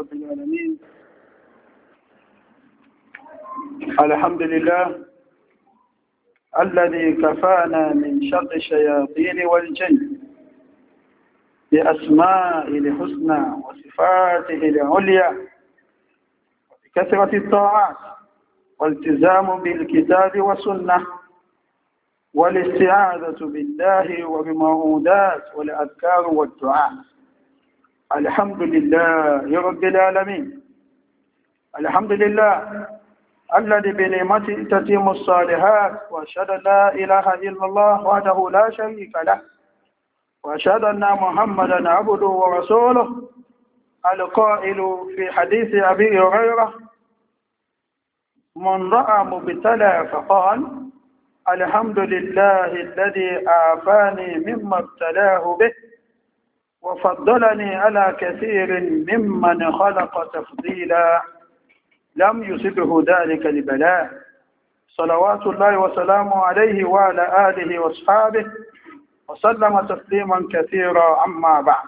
رب العالمين الحمد لله الذي كفانا من شر الشياطين والجن بأسمائه الحسنى وصفاته العليا بكثرة الطاعات والتزام بالكتاب والسنة والاستعاذة بالله وبمعودات والأذكار والدعاء الحمد لله رب العالمين الحمد لله الذي بنعمته تتم الصالحات واشهد ان لا اله الا الله وحده لا شريك له واشهد ان محمدا عبده ورسوله القائل في حديث ابي هريره من راى مبتلى فقال الحمد لله الذي اعفاني مما ابتلاه به وفضلني على كثير ممن خلق تفضيلا لم يصبه ذلك لبلاء صلوات الله وسلامه عليه وعلى آله وأصحابه وسلم تسليما كثيرا عما بعد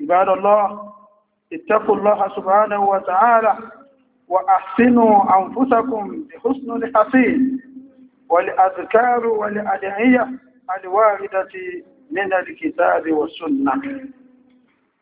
عباد الله اتقوا الله سبحانه وتعالى وأحسنوا أنفسكم بحسن الحسين والأذكار والأدعية الواردة من الكتاب والسنة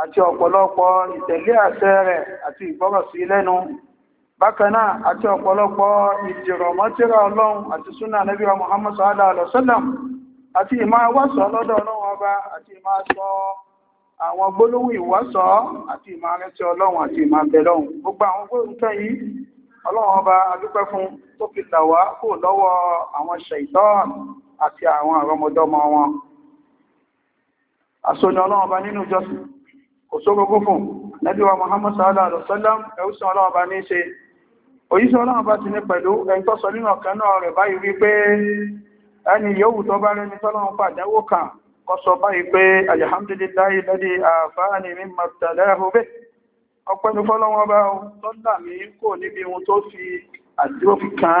àti ọ̀pọ̀lọpọ̀ ìtẹ̀lé àṣẹ rẹ̀ àti ìgbọ́rọ̀sí lẹ́nu bákan náà àti ọ̀pọ̀lọpọ̀ ìdìrọ̀mọ́tíra ọlọ́run àti súnà Ànábì wa Muhammad sallallahu alaihi wasallam àti ìmá wàsọ̀ lọ́dọ̀ ọlọ́run ọba àti ìmá sọ àwọn gbólóhùn ìwàsọ̀ àti ìmá rẹ̀tí ọlọ́run àti ìmá bẹ̀lọ́run gbogbo àwọn gbóhùnkẹ́ yìí ọlọ́run ọba adúpẹ́ fún tó fi là wá àrọmọdọ́mọ wọn àsọ̀nà ọlọ́run ọba nínú ìjọsìn kò sógógó fún nẹ́bíwa Muhammad sallallahu alaihi wasallam ẹ̀wùsùn ọlọ́wọ́ bá ní ṣe òyíṣẹ́ ọlọ́wọ́ bá ti ní pẹ̀lú ẹni tó sọ nínú ọ̀kan náà rẹ̀ báyìí wí pé ẹni yóò tó bá rẹni tọ́lọ́wọ́ pàdánwò kan kọ sọ báyìí pé alhamdulillahi lẹ́dí àfáàní mi mọ̀tàlẹ́hù bẹ́ ọpẹ́nu fọ́lọ́wọ́ bá tó dà mí kò níbi ohun tó fi àdúró fi kan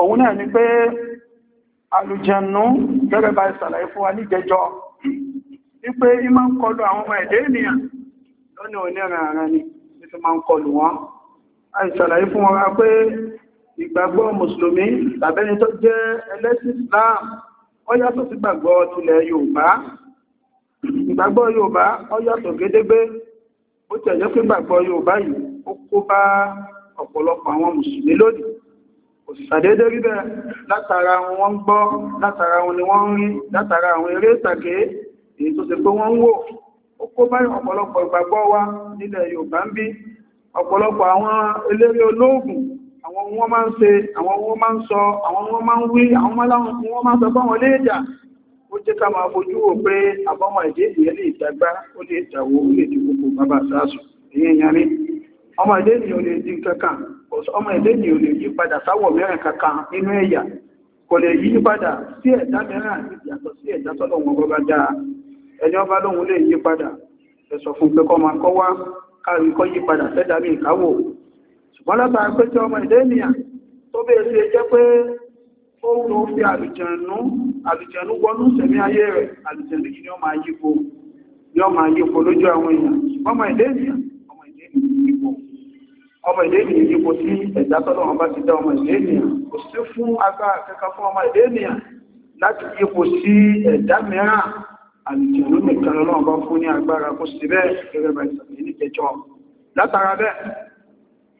òun náà ni pé alùjẹnu gẹ́gẹ́ bá ìsàlàyé fún wa ní jẹjọ wípé í máa ń kọlu àwọn ọmọ ẹ̀dẹ́ ènìyàn lọ́nà onírin ara ni ní fi máa ń kọlu wọn a ìsàlàyé fún wa pé ìgbàgbọ́ mùsùlùmí tàbẹ́ni tó jẹ́ ẹlẹ́sìn Islam ó yàtọ̀ sí gbàgbọ́ tilẹ̀ Yorùbá ìgbàgbọ́ Yorùbá ó yàtọ̀ gédégbé ó tẹ̀lé pé gbàgbọ́ Yorùbá yìí ó kó bá ọ̀pọ̀lọpọ̀ àwọn mùsùlùmí lónìí Àdédé rí bẹ́ẹ̀ látara wọn wọ́n gbọ́, látara wọn ni wọ́n rí, látara àwọn eré ìtàgé, èyí tó ṣe pé wọ́n ń wò. Ó kó bá ọ̀pọ̀lọpọ̀ ìgbàgbọ́ wa nílẹ̀ Yorùbá ń bí. Ọ̀pọ̀lọpọ̀ àwọn eléré olóògùn, àwọn wọ́n máa ń ṣe, àwọn wọ́n máa ń sọ, àwọn wọ́n máa ń wí, àwọn wọ́n máa ń sọ fáwọn léèjà. Ó jẹ́ ká máa fojú wò pé àbọ́mọ̀ ìdí ìyẹn lè dàgbá, ó lè jàwó, ó lè dìbò bàbá sáàsù. Èyí ìyẹn ọmọ ilé ni le lè di kankan ọmọ ilé ni o lè yí padà sáwọ̀ mẹ́rin kankan nínú ẹ̀yà kò lè yí padà sí ẹ̀dá mẹ́rin yàtọ̀ sí ẹ̀dá tọ́lọ̀wọ̀n bọ́bá dáa ẹni ọba lóhun lè yí padà ẹ̀sọ̀ fún pé kọ́ máa kọ́ wá kọ́ yí padà sẹ́dá mi ṣùgbọ́n pé fi àlùjẹ̀nú àlùjẹ̀nú wọnú sẹ̀mí ayé rẹ̀ àlùjẹ̀nú yìí ni ó máa yípo ni ó máa yípo lójú àwọn ọmọ ìdé ènìyàn yípo tí ẹ̀dá tọ́lọ́ wọn bá ti dá ọmọ kò sí fún agbára kankan fún ọmọ ìdé ènìyàn láti yípo sí ẹ̀dá mìíràn àlùjẹ̀lú nìkan lọ́wọ́ bá fún ní agbára kó sí bẹ́ẹ̀ gẹ́gẹ́ bá ní látara bẹ́ẹ̀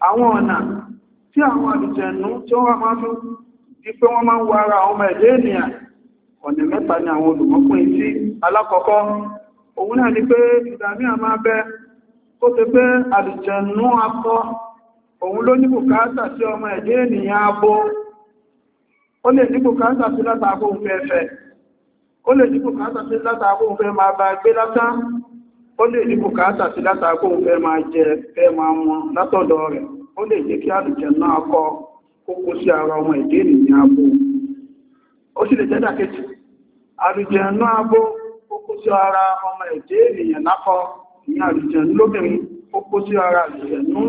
àwọn ọ̀nà tí àwọn tí wọ́n máa pé wọ́n máa ń wọ ara ọmọ ènìyàn òun ló ní bùkátà sí ọmọ ẹ̀dẹ́ ènìyàn abó ó lè ní bùkátà sí látàkó ń fẹ́ fẹ́ ó lè ní bùkátà sí látàkó ń fẹ́ máa bá gbé látán ó lè ní bùkátà sí látàkó ń fẹ́ máa jẹ fẹ́ máa wọn látọ̀dọ̀ rẹ̀ ó lè jẹ́ kí náà kọ kókó sí ara ọmọ ẹ̀dẹ́ ènìyàn ó sì lè jẹ́ dàkejì náà kókó sí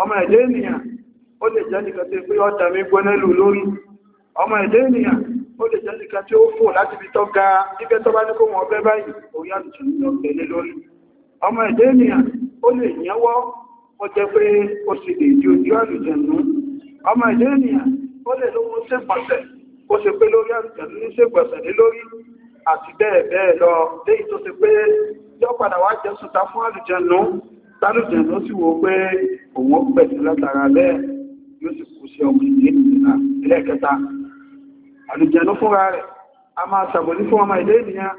ọmọ ẹ̀dẹ́ ènìyàn ó lè jẹ́ nìkan tí pé ọ̀tà mi gbọ́nà lù lórí ọmọ ẹ̀dẹ́ ènìyàn ó lè jẹ́ nìkan tí ó fò láti fi tọ́ ga ibẹ̀ tó bá ní kó wọn ọbẹ̀ báyìí òun yà lùtù ní ọ̀tẹ̀ lé lórí ọmọ ẹ̀dẹ́ ènìyàn ó lè yẹwọ́ ó jẹ́ pé ó sì lè tálùtẹ̀ ló sì wò pé òun ó pẹ̀sí látara bẹ́ẹ̀ yóò sì kú sí ọmọ ìdí ènìyàn ẹlẹ́ẹ̀kẹta àlùjẹ̀nú fúnra rẹ̀ a máa ṣàbòdí fún ọmọ ìdí ènìyàn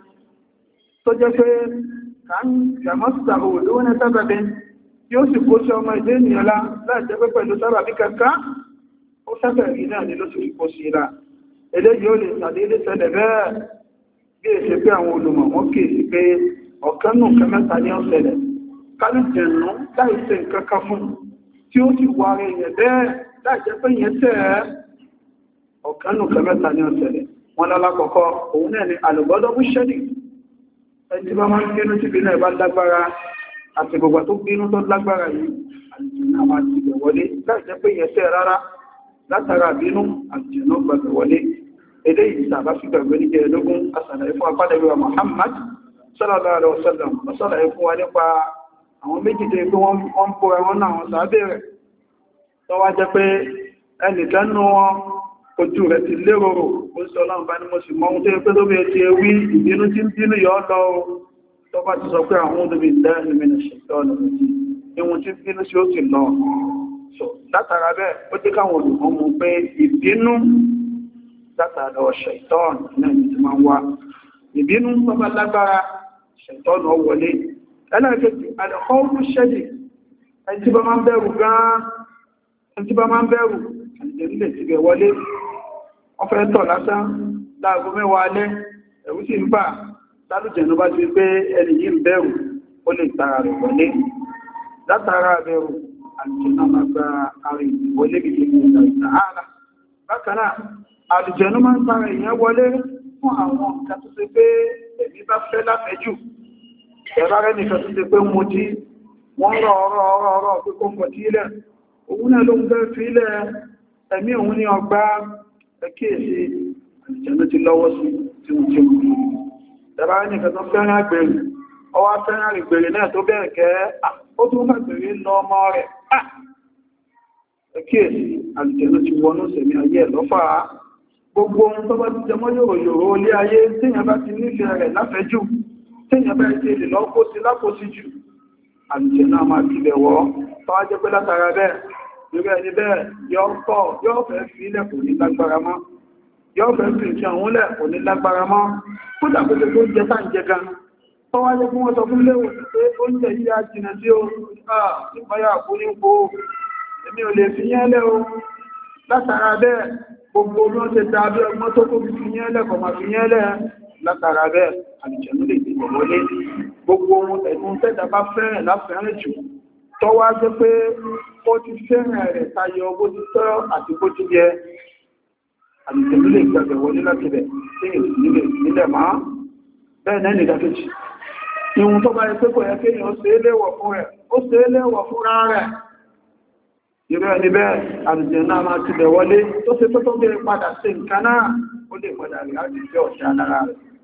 tó jẹ́ pé kàmọ́sítà òwòlówó ní sábàbí yóò sì kó sí ọmọ ìdí ènìyàn lá láìjẹ́ pé pẹ̀lú sábàbí kankan ó sábẹ̀ rí náà ni ló sì kó sí la eléyìí ó lè ṣàdédé ṣẹlẹ̀ bẹ́ẹ̀ bí èsì pé àwọn olùmọ̀ wọn kì sí pé ọ̀kan nù kẹ́mẹ́ta ní ọ̀sẹ̀lẹ̀ tálìjẹ̀nú láìsẹ̀ nǹkankan fún tí ó sì wà rẹ̀ yẹ̀ bẹ́ẹ̀ láìjẹ́ pé yẹn tẹ́ ẹ́ ọ̀kanù kẹmẹ́ta ní ọ̀sẹ̀lẹ̀ wọn lálákọ̀ọ́kọ́ òun náà ni àlùgbọ́dọ̀ mú ṣẹ́dì ẹni bá máa ń bínú tí bínú ẹ̀ bá lágbára àti gbogbo tó bínú tó lágbára yìí àlùjẹ̀nú àmà ti bẹ̀ Muhammad sallallahu alaihi wasallam ọ̀sọ̀làyé fún wa nípa àwọn méjì tẹ́ pé wọ́n pọ̀ ẹ̀wọ́n náà wọ́n sàábẹ̀ rẹ̀ tó wá jẹ́ pé ẹnìkan nú wọn ojú rẹ̀ ti lérorò ó sọ láwọn bá ní mo sì mọ́ ohun tó yẹ pé tó bí ẹtì ewí ìbínú tí ń bínú yọ lọ tó bá ti sọ pé àwọn olóbi lẹ́yìn mi nìṣẹ́ lọ́nà ìwọ̀n tí bínú sí ó sì lọ látara bẹ́ẹ̀ ó jẹ́ káwọn olùkọ́ mú pé ìbínú látara ọ̀ṣẹ̀ ìtọ́ọ̀nù náà ni ti máa ń wá ìbínú bọ́bá lágbára ṣẹ̀tọ́ọ̀nù ọwọlé ẹlẹ́ẹ̀kejì àdẹ̀kọ́ọ̀rù ṣẹ́dì ẹni tí bá máa ń bẹ̀rù gan-an ẹni tí bá máa ń bẹ̀rù àdìdẹ̀lẹ̀ ti bẹ̀ wọlé wọ́n fẹ́ tọ̀ lásán láàgó mẹ́wàá ń bà tara rẹ̀ wọlé látara bẹ̀rù àdìjẹ̀nu máa gba àrùn ìwọlé gidi ní ìgbà bákan náà àdìjẹ̀nu máa ń tara ìyẹn wọlé fún àwọn nǹkan pé ẹ̀mí bá fẹ́ láfẹ́jù ẹ̀rọ rẹ̀ nìkan tó ti pé mo tí wọ́n rọ̀ ọ̀rọ̀ ọ̀rọ̀ ọ̀rọ̀ pé kó mọ̀ tí ilẹ̀ òun náà ló ń fẹ́ fi ilẹ̀ ẹ̀mí òun ní ọgbá ẹkíyèsí àjẹ́mẹ́ ti lọ́wọ́ sí tí wọ́n ti mú ẹ̀rọ rẹ̀ nìkan tó fẹ́ràn àgbèrè ọwá fẹ́ràn àgbèrè náà tó bẹ̀rẹ̀ kẹ́ ó tún fàgbèrè lọ ọmọ rẹ̀ ẹkíyèsí àjẹ́mẹ́ ti wọnú sẹ̀mí ayé ẹ̀ lọ́fà gbogbo ohun tó bá ti jẹmọ́ yòròyòrò ilé ayé tí yẹn bá ti nífẹ̀ẹ́ rẹ̀ láfẹ́jù téèyàn bẹ́ẹ̀ ṣe lè lọ́ọ́ kó sí lápòsí jù àlùjẹ náà máa kílẹ̀ wọ́ tọ́wá jẹ́ pé látara bẹ́ẹ̀ irú ẹni bẹ́ẹ̀ yọ́ pọ̀ yọ́ fẹ́ fi ilẹ̀ kò ní lágbára mọ́ yọ́ fẹ́ fi ìṣẹ́ òun lẹ̀ kò ní lágbára mọ́ kódà kó tó jẹ tá ń jẹ gan tọ́wá jẹ́ fún wọn sọ fún léwò pé oúnjẹ yìí á jìnà sí o nípayà kú ní po èmi ò lè fi yẹn lẹ́ o látara bẹ́ẹ̀ gbogbo olóńṣe dàbí ọgbọ́n tó kó fi yẹn lẹ̀ kọ̀ máa fi yẹn lẹ̀ látara bẹ́ẹ̀ àlùjẹ̀nú lè dìbò wọlé gbogbo ohun ẹ̀dùn tẹ́ta bá fẹ́rẹ̀ láfẹ́rẹ̀ jù tó wá jẹ́ pé ó ti fẹ́rẹ̀ rẹ̀ tayọ bó ti tọ́ àti bó ti yẹ àlùjẹ̀nú lè gbàgbẹ̀ wọlé láti bẹ̀ sí ìsìnlẹ̀ nílẹ̀ máa bẹ́ẹ̀ náà nìkan kejì ihun tó bá yẹ pé kò yẹ kéèyàn ṣe é léwọ̀ fún rẹ̀ ó ṣe é léwọ̀ fúnra rẹ̀ ìrẹ́ ẹni bẹ́ẹ̀ àrùjẹ̀nà máa ti bẹ̀ wọlé tó ṣe tó tó bẹ̀rẹ̀ padà sí nǹkan náà ó lè padà rí àjíjẹ́ ọ̀ṣà lára rẹ̀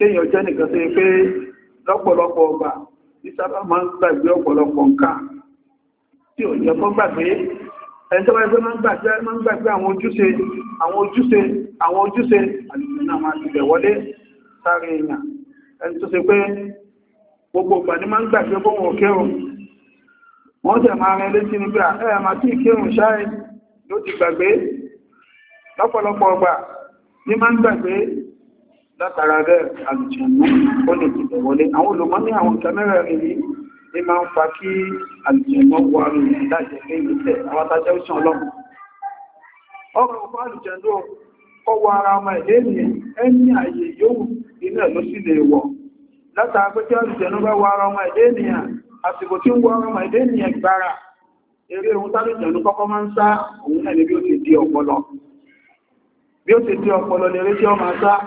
kéèyàn jẹ́ nìkan tó yẹ pé lọ́pọ̀lọpọ̀ ọgbà tí sábà máa ń gbàgbé ọ̀pọ̀lọpọ̀ nǹkan tí ò yẹ fún gbàgbé ẹni tó bá yẹ pé máa ń gbàgbé àwọn ojúṣe àwọn ojúṣe àwọn ojúṣe àlùfẹ́ náà máa ti bẹ̀ wọlé sáré èèyàn ẹni tó ṣe pé gbogbo ìgbà ní máa ń gbàgbé bóhùn òkèrò wọ́n tẹ̀ máa rẹ létí ní pé ẹ máa tí ìkérùn ṣáì ló ti gbàgbé lọ́pọ̀lọpọ̀ ọgbà ní máa ń gbàgbé látara rẹ̀ àlùjànnú ó lè ti wọlé àwọn olùmọ́ ní àwọn kẹmẹ́rẹ̀ rẹ̀ ní máa ń fa kí àlùjànnú wà rú ìdájẹ́ pé ìlúṣẹ̀ àwọn ọlọ́run ọmọ ọmọ ọmọ ènìyàn àsìkò tí ń ọmọ ènìyàn gbára eré ohun kọ́kọ́ máa ń sá òun bí ó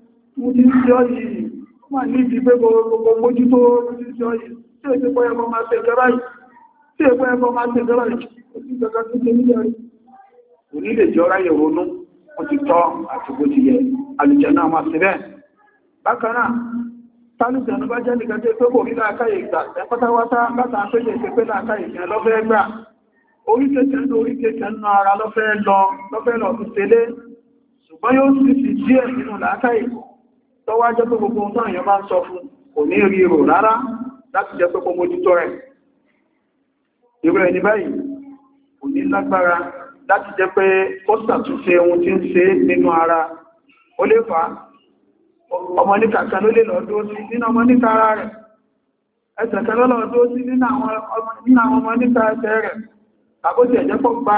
mú ti sí ọ iji wà ní ìdí pé gbogbo mójútó si ti sí ọ yìí tí èsì pọ́ ẹmọ máa ṣe ìjọba yìí tí èpọ́ ó ti tọ́ àti bó ti yẹ àlùjẹ̀ náà máa ṣe bẹ́ẹ̀ bákan náà tálùjẹ̀nù bá jẹ́ nìkan tẹ́ pé kò rí láàkáyè ìgbà ẹpátáwátá látà péjẹ̀ ìṣẹ́ lọ́fẹ́ tó wá jẹ́ pé gbogbo ohun tó èèyàn bá ń sọ fún kò ní rí rò rárá láti jẹ́ pé kó mójútó rẹ̀ irú ẹni báyìí kò ní lágbára láti jẹ́ pé ó ṣàtúnṣe ohun tí ń ṣe nínú ara ó lè fà ọmọ ní kàkà ló lè lọ́dún ó sí nínú ọmọ níta ara rẹ̀ ẹsẹ̀ kan lọ́lọ́ tó sí nínú àwọn ọmọ níta ẹsẹ̀ rẹ̀ àbójì ẹ̀jẹ́ pọ̀ gba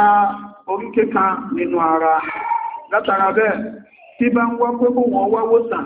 orí kéka nínú ara látara bẹ́ẹ̀ tí bá ń wá pé kó wọ́n wáwó sàn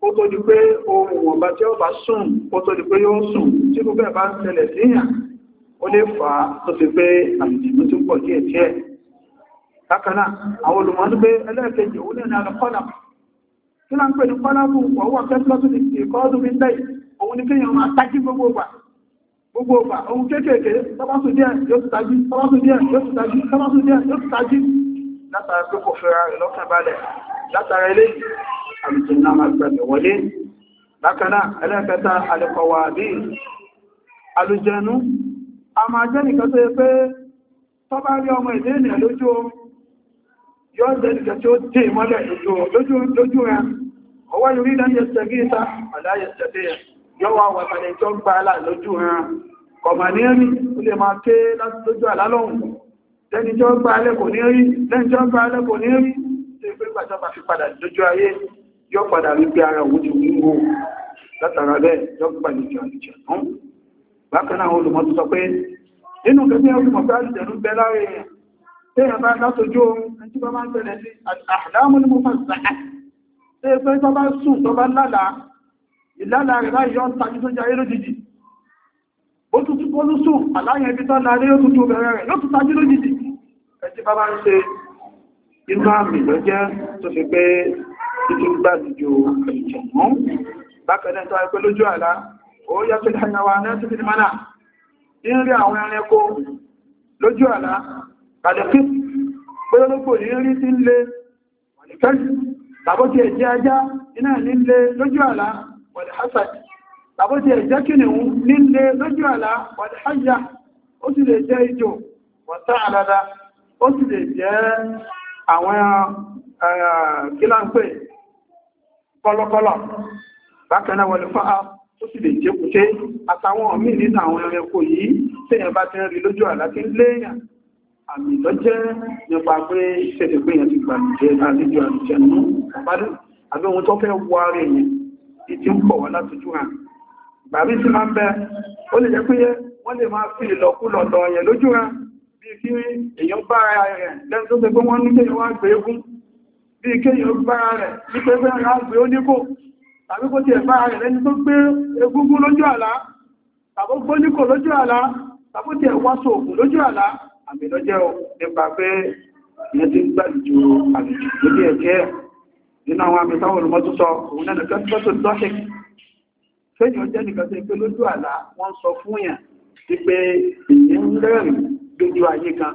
ó tó di pé ohun ìwọ̀nba tí ó bá sùn ó tó di pé yóò sùn tí gbogbo ẹ̀ bá ń ṣẹlẹ̀ síyàn ó lè fà á tó ti pé àmìjìnú tí ń pọ̀ díẹ̀ díẹ̀ lákaná àwọn olùmọ́nú pé ẹlẹ́ẹ̀kejì òun náà lọ kọ́lá kí lá ń pè ní kọ́lá fún ọwọ́ kẹ́kọ́ tó ti ṣe kọ́ ọdún bíi òun ni kéèyàn máa tají gbogbo ìgbà gbogbo ìgbà òun kéékèèké tọ́básù díẹ̀ yóò ti fẹ́ra rẹ̀ lọ́kàn balẹ̀ látara eléyìí àlùjànnà máa gbẹ̀mẹ̀ wọlé bákanáà ẹlẹ́kẹta alẹ́kọwà bí àlùjànnú a máa jẹ́ nìkan tó yẹ pé tọ́ bá rí ọmọ ìdí ènìyàn lójú yóò jẹ́ nìkan tí ó dé mọ́lẹ̀ lójú rẹ̀ ọwọ́ yorí náà yẹ sẹ́gí ìta àdáyẹ sẹ́gí ẹ̀ yọ́ wà wà tàbí tó ń gba alá lójú rẹ̀ kọ̀mà rí ó lè máa ké yọ padà rí pé ara òun ti wú wò látara bẹ́ẹ̀ yọ padà jù àjẹ̀ tán bákan náà àwọn olùmọ̀ tó sọ pé nínú kẹfẹ́ olùmọ̀ pé àjẹ̀ ń bẹ lára èèyàn téèyàn bá látọjú oorun ẹni tí bá máa ń tẹ̀lé sí àdámú ni mo máa ń sàá ṣe pé tó bá sùn tó bá lálàá ìlàlà rẹ̀ láì yọ ń tajú tó jayé lójijì ó tutù ó ló sùn àláyẹn ibi tó lálé ó tutù bẹ̀rẹ̀ rẹ̀ yóò tún tajú títí gbàlejò ìjẹ̀mú bákanáà tó ẹgbẹ́ lójú àlá ó yá fi dáyàwó aná sí fìdí mánà ní rí àwọn ẹranko lójú àlá kàdẹ̀kí pẹ́lọ́lọ́pọ̀ ní rí sí lé wàlẹ̀kẹ́sì tàbótí ẹ̀jẹ́ ajá iná nílé lójú àlá wàlẹ̀hásàdì tàbótí ẹ̀jẹ́ kìnìún nílé lójú àlá wàlẹ̀hájá ó kọlọkọlọ bákanáà wọlé fún a tó sì lè jẹ́ kúté àtàwọn míì nínú àwọn ẹranko yìí tẹ́yàn bá tẹ́ rí lójú àlá tí ń léèyàn àmì lọ́jẹ́ nípa pé ṣẹlẹ̀ pé yẹn ti gbà jẹ́ àlejò àjẹnú àbádù àbí ohun tó fẹ́ wọ ara èèyàn ti ti ń pọ̀ wá látọjú hàn bàbí sí máa ń bẹ ó lè jẹ́ pé wọ́n lè máa fi ìlọ́kúlọ̀ lọ yẹn lójú hàn bí kí èèyàn bá ara rẹ̀ lẹ́nu tó fẹ́ pé wọ́n ní kéèyàn wá gbé egún bí kéyàn gbára rẹ̀ ní pé fẹ́ ra gbé oníkò tàbí kó ti ẹ̀fà rẹ̀ lẹ́ni tó gbé egúngún lójú àlá tàbí gbó níkò lójú àlá tàbí ti ẹ̀wá sóògùn lójú àlá àmì lọ́jẹ́ ọ nípa pé ìyẹn ti gbàlejò àlejò lórí ẹ̀jẹ́ nínú àwọn àmì táwọn olùmọ́tò sọ òun náà nìkan tó tó dọ́ṣẹ̀ fẹ́yìn jẹ́ nìkan tó pé lójú àlá wọ́n sọ fún yàn ti pé ìyẹn ń rẹ́rìn lójú ayé kan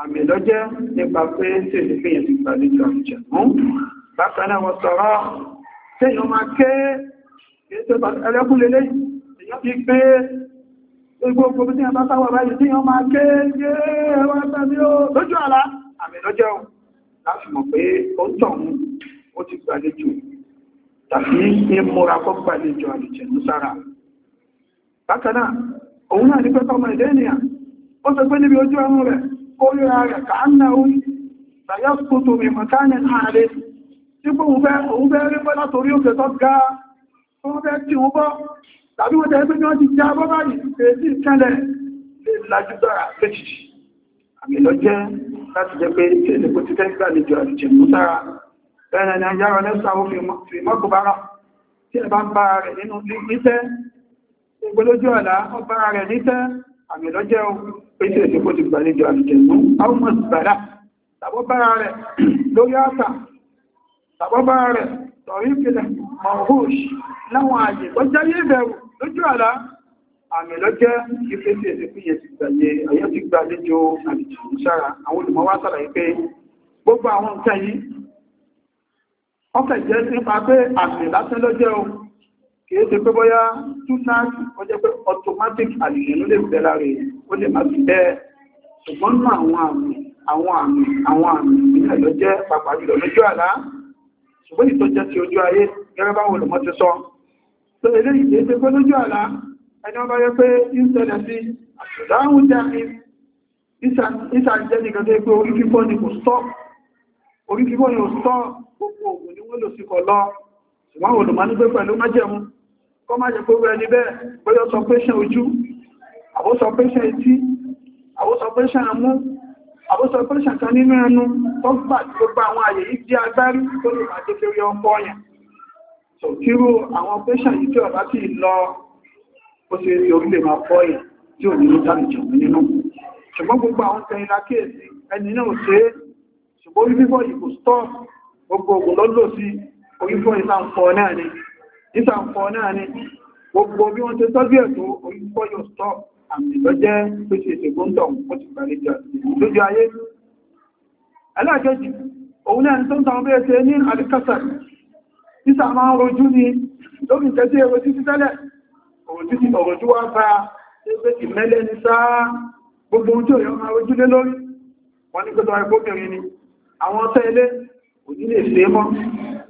àmì lọ́jẹ́ nípa pé tèmi pé yẹn ti gbàlejò àjẹ̀mú bákan náà wọ́n sọ̀rọ̀ tẹ́yàn máa ké ẹlẹ́kùnlélé èyàn fi pé e, gbogbo tí a bá sáwọ̀ báyìí tí yàn máa ké yé ẹwà tàbí ó lójú àlá àmì lọ́jẹ́ ohun láti mọ̀ pé ó ń tọ̀hún ó ti gbàlejò tàbí ní múra kọ́ gbàlejò àjẹ̀mú sára bákan náà òun náà ní pẹ́kọ́ ọmọ ìdẹ́nìyàn ó sọ pé níbi ojú ọrùn rẹ̀ kórìíra rẹ̀ káàkiri orí bàyá kòtò mìmọ̀ káàkiri ààrẹ tí kò òun bẹ́ rí pẹ́lá torí òkè tó ga tó bẹ́ tí wọ́n bọ́ tàbí wọ́n tẹ́lẹ́ pé wọ́n ti já bọ́ báyìí èdè ìkẹ́lẹ̀ lè ti tẹ́sílà lè jọ àti jẹ̀mú sára bẹ́ẹ̀ ni ayára lẹ́sà ó fi mọ́kùbára tí ẹ bá ń bá rẹ̀ nínú nítẹ́ ìgbélójú ọ̀la ó bá rẹ̀ nítẹ́ àmì lọ́jẹ́ o pèsè èsì kó ti gbàlejò àlùjẹ̀mú almost bàdá tàbọ́bára rẹ̀ lórí àṣà tàbọ́bára rẹ̀ tọ̀rí ìpìlẹ̀ mahosh láwọn àyè tó jẹ́yé ìbẹ̀rù lójú àlá àmì lọ́jẹ́ ìpèsè èsì pé yẹ ti gbàlẹ̀ ayé ti gbàlejò àlùjẹ̀mú sára àwọn olùmọ̀ wá sàlàyé pé gbogbo àwọn nǹkan yìí ọkẹ̀ jẹ́ nípa pé àmì lásán lọ́jẹ́ o kìí ṣe pé bóyá túnáàtì ó jẹ́ pé automatic àlìyàn ló lè fẹ́ láre ó lè máa fi bẹ́ẹ̀ ṣùgbọ́n nínú àwọn àmì àwọn àmì àwọn àmì ìpínlẹ̀ ló jẹ́ pàápàá jùlọ lójú àlá ṣùgbọ́n ìtọ́jẹ́ ti ojú ayé gẹ́gẹ́ báwọn olùmọ̀ ti sọ tó eléyìí kìí ṣe pé lójú àlá ẹni ọba yẹ pé ìṣẹ̀lẹ̀ sí àṣùdáhùn dání ìṣàjẹ́ nìkan tó yẹ pé orí fífọ́ ni kò stop orí fífọ́ ni kò stop gbogbo ògùn ni wọ́n lò sí kọ̀ lọ ṣùgbọ́n olùmọ̀ ní pé pẹ̀lú májẹ̀mú kọ́ máa jẹ pé rẹ̀ ní bẹ́ẹ̀ bóyọ́ sọ pé ṣe ojú àbóṣọ pé ṣe etí àbóṣọ pé ṣe àmú àbóṣọ pé ṣe kan nínú ẹnu tó gbà gbogbo àwọn àyè yìí di agbárí tó lè máa jẹ́ kéré ọkọ̀ ọ̀yàn tó kírú àwọn pẹ́ṣàn yìí tí ọ̀bá sì lọ ó ti rí orílẹ̀ máa fọ́ yẹn tí ò ní ní tàbí jù nínú ṣùgbọ́n gbogbo àwọn tẹ̀yìn lákèésí ẹni náà ṣe é ṣùgbọ́n orí fífọ́ lọ́lọ́ sí orífò ìsànfọ́ náà ni ìsànfọ́ náà ni gbogbo bí wọ́n ti tọ́jú ẹ̀ tó orífò yóò stop àmì lọ́jẹ́ tó ṣe ṣe gbóǹtọ̀ ó ti gbàlejò lójú ayé ẹlẹ́ẹ̀kejì òun náà ni tó ń tàwọn bẹ́ẹ̀ ṣe ní àdíkàsà títà máa ń rojú ni lóbi tẹ́tí ẹ̀rọ títí tẹ́lẹ̀ òròjú wá bá ẹgbẹ́ ìmẹ́lẹ́ ní sáà gbogbo ohun tí ó yọ máa rojú lé lórí wọ́n ní pẹ́tọ́ ẹgbóbìnrin ni àwọn ọ̀tẹ́ ilé òní lè ṣe mọ́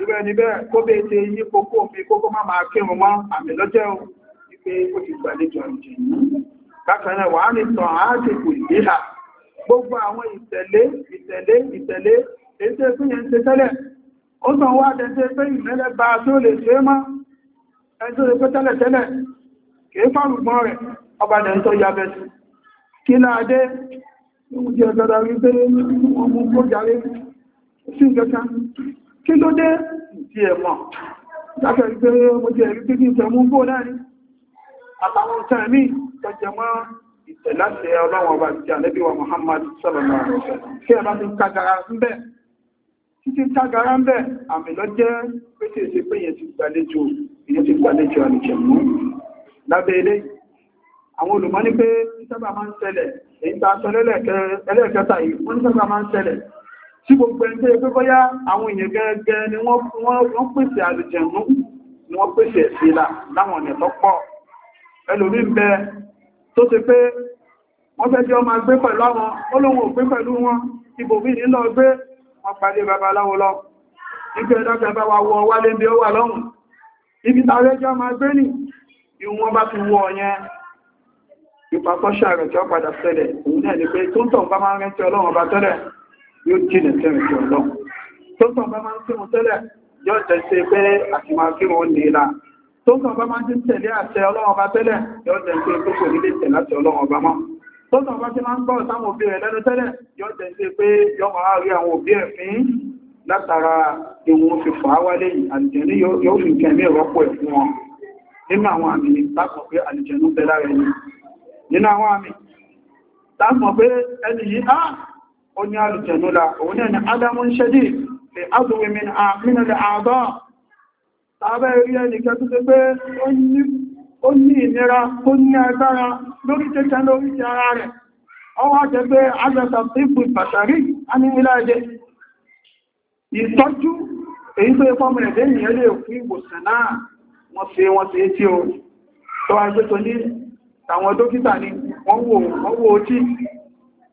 irú ẹni bẹ́ẹ̀ kó bẹ́ẹ̀ ṣe yí kókó mi kókó má máa kírun mọ́ àmì lọ́jẹ́ o wípé ó ti gbàlejò ìjì bákan náà ní tàn á ti gbogbo àwọn ìtẹ̀lé ìtẹ̀lé ìtẹ̀lé èyí tó yẹn ṣe tẹ́lẹ̀ ó sàn wá dẹ́sẹ̀ pé ìmẹ́lẹ̀ bá a tó lè ṣe é mọ́ ẹni tẹ́lẹ̀ fárùgbọ́n rẹ̀ ọba dẹ̀ ń tọ́ ya bẹ́ sí kí ó jẹ́ kí ló dé tí ẹ mọ̀ láti ẹ̀rí pé mo jẹ́ ẹ̀rí pé kí n tẹ̀mú gbó láàrin àtàwọn nǹkan ẹ̀mí tọ́jẹ mọ́ ìtẹ̀láṣẹ ọlọ́wọ̀n ọba ìjà lẹ́bí wa Muhammad sallallahu alaihi wasallam kí ẹ bá ti ń kágara ń bẹ̀ títí kágara ń bẹ̀ àmì lọ jẹ́ pé tí èsì pé yẹn ti gbàlejò ìyẹn ti gbàlejò àlùjẹ̀mú lábẹ́ ilé àwọn olùmọ́ ní pé sábà máa ń ṣẹlẹ̀ èyí tá a sọ tí gbogbo ẹni tó yẹ pé bọ́yá àwọn èèyàn gẹ́gẹ́ ni wọ́n pèsè àlùjẹ̀nú ni wọ́n pèsè ìsìlà láwọn ọ̀nà tó pọ̀ ẹlòmí ń bẹ tó ti pé wọ́n fẹ́ jẹ́ ọmọ gbé pẹ̀lú àwọn olóhun ògbé pẹ̀lú wọn ibòmí ní lọ gbé wọn pàdé babaláwo lọ nígbẹ́ ẹ̀dọ́gbẹ́ bá wa wọ wálé bí ó wà lọ́hùn ibi tààrẹ jẹ́ ọmọ gbé nì ìwọ̀n bá fi wọ ọ̀yẹn ìpàkọ́ṣà rẹ̀ tí ó padà ṣẹlẹ̀ òun náà ni pé tó ń tọ̀ bá máa rẹ́ tí ọlọ́run bá tẹ́lẹ̀ yóò jìnà sẹ́rìn sí ọlọ́ tó tàn bá máa ń kírun tẹ́lẹ̀ yóò jẹ́ sí pé àti máa kírun nìlà tó tàn bá máa ń tẹ̀lé àṣẹ ọlọ́run tẹ́lẹ̀ yóò jẹ́ sí pé kò nílé tẹ̀ láti ọlọ́run mọ́ tó tàn bá ti máa ń gbọ́ sáwọn òbí rẹ̀ lẹ́nu tẹ́lẹ̀ yóò jẹ́ sí pé yóò máa rí àwọn òbí ẹ̀ fín látara ìwọ̀n fi fà á wálé yìí àlìjẹ̀ní yóò fi kẹ̀mí ìrọ́pò ẹ̀ fún wọn nínú àwọn àmì lápọ̀ pé àlìjẹ̀ní bẹ lára ẹni nínú àwọn àmì lápọ̀ pé ẹni yìí ah! ó ní alùjẹ̀núlà òun náà ni adamun ṣẹ́dì lè azùwé mínàlẹ̀ àádọ́ tàbẹ́ rí ẹnìkẹ́ tó pé ó ní ìnira tó ní agbára lórí tẹ́tẹ́ lórí ti ara rẹ̀ ọwọ́ jẹ́ pé agbẹ́ta pípù ìbàtàrí a ní ilájẹ́ ìtọ́jú èyí tó ipọ́ mẹ́rẹ̀dẹ́ ìyẹn lè fún ìwòsàn náà wọ́n fi wọ́n ti tí o tó wá gbé tó ní àwọn dókítà ni wọ́n wò ó tí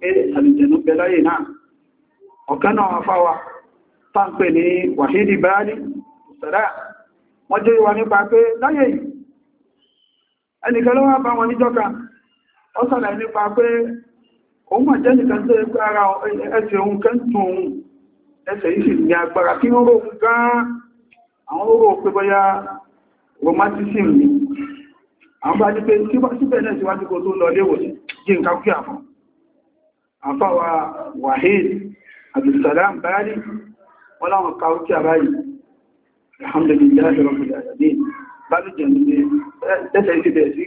pé àlùjẹ̀nú bẹ láyé náà ọ̀kan náà wà fáwa ní wàhídì báyálì sọ̀dá wọ́n jẹ́ ìwà nípa pé láyé yìí ẹnìkan ló wá bá wọn níjọ́ka ó sọ̀rọ̀ nípa pé òun mọ̀ jẹ́ nìkan tó ẹgbẹ́ ara ẹsẹ̀ yìí sì ní agbára kí wọ́n àfáwà wahid abdulsalam bari wọ́n láwọn káwọ́ kí a báyìí alhamdulillahi rabbil alamin bájú jẹ́ ní ẹsẹ̀ ìbẹ̀ sí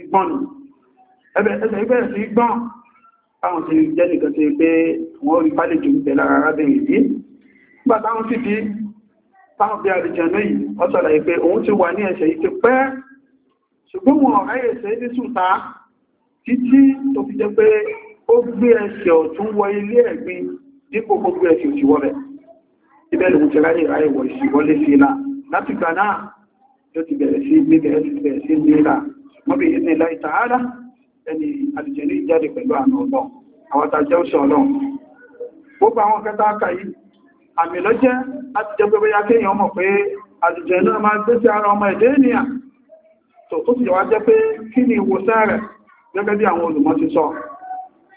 gbọ́n àwọn ti jẹ́ nìkan ti pé wọ́n rí pálẹ̀jù ń bẹ̀ lára arábìnrin yìí nígbà táwọn ṣùgbọ́n wọn ọ̀rẹ́ ẹ̀ṣẹ̀ ní sùta títí tó fi jẹ́ pé ó gbé ẹsẹ̀ ọ̀tún wọ ilé ẹ̀gbin dípò gbogbo ẹsẹ̀ òsì wọ́lẹ̀ ibẹ̀ lòun ti ráyè wọ ìsì wọlé sí ilá láti gbà náà ló ti bẹ̀rẹ̀ sí ní bẹ̀rẹ̀ sí bẹ̀rẹ̀ sí ní ilá wọ́n bí ní ilá ìta ẹni àlùjẹ̀lé jáde pẹ̀lú àmì ló láti jẹ́ pẹ́pẹ́ ya kéèyàn mọ̀ pé àlùjẹ̀ náà máa gbé sí ara ọmọ ẹ̀dẹ́ ènìyàn tó tó sì wá jẹ́ pé kí ni ìwòsàn rẹ̀ gẹ́gẹ́ bí àwọn olùmọ̀ ti sọ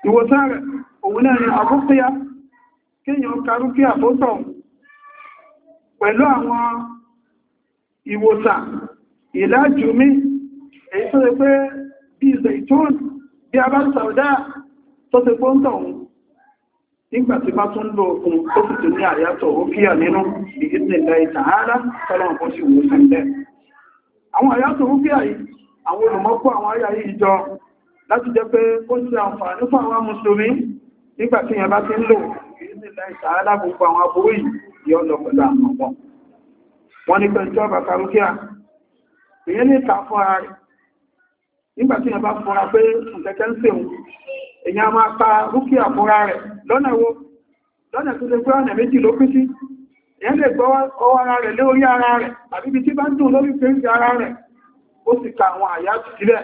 ìwòsàn rẹ̀ òun náà ni àrúkíyà kíyàn karúkíyà tó tọ̀ pẹ̀lú àwọn ìwòsàn ìlàjú mi èyí tó rẹ pé bí ìsẹ̀ ìtún bí a bá sàúdá tó ti pọ́ ń tọ̀ nígbà tí bá tún lò òkun tó sì tún ní àyàtọ̀ ó kíyà nínú ìgbésẹ̀ ìtàhálà tọ́lọ̀ ọ̀pọ̀ sí ìwòsàn bẹ́ẹ̀ àwọn àyàtọ̀ ó kíyà láti jẹ́ pé ó ti àǹfààní fún àwọn mùsùlùmí nígbà tí yẹn bá ti ń lò ìrìnlẹ̀ ìsàádá gbogbo àwọn aburú yìí yọ lọ pẹ̀lú àwọn ọmọ wọn ní pẹ̀lú ọba karúkíà èyàn ní ìta fún ara rẹ̀ nígbà tí yẹn bá fúnra pé ǹkẹ́kẹ́ ń sèwò èyàn máa pa rúkíà fúnra rẹ̀ lọ́nà wo lọ́nà tó ṣe pé ọ̀nà méjì ló pín sí èyàn lè gbọ́ ọwọ́ ara rẹ̀ lé orí ara rẹ̀ àbíbi tí bá ń dùn lórí fèrèsé ara rẹ̀ ó sì ka àwọn àyà sílẹ̀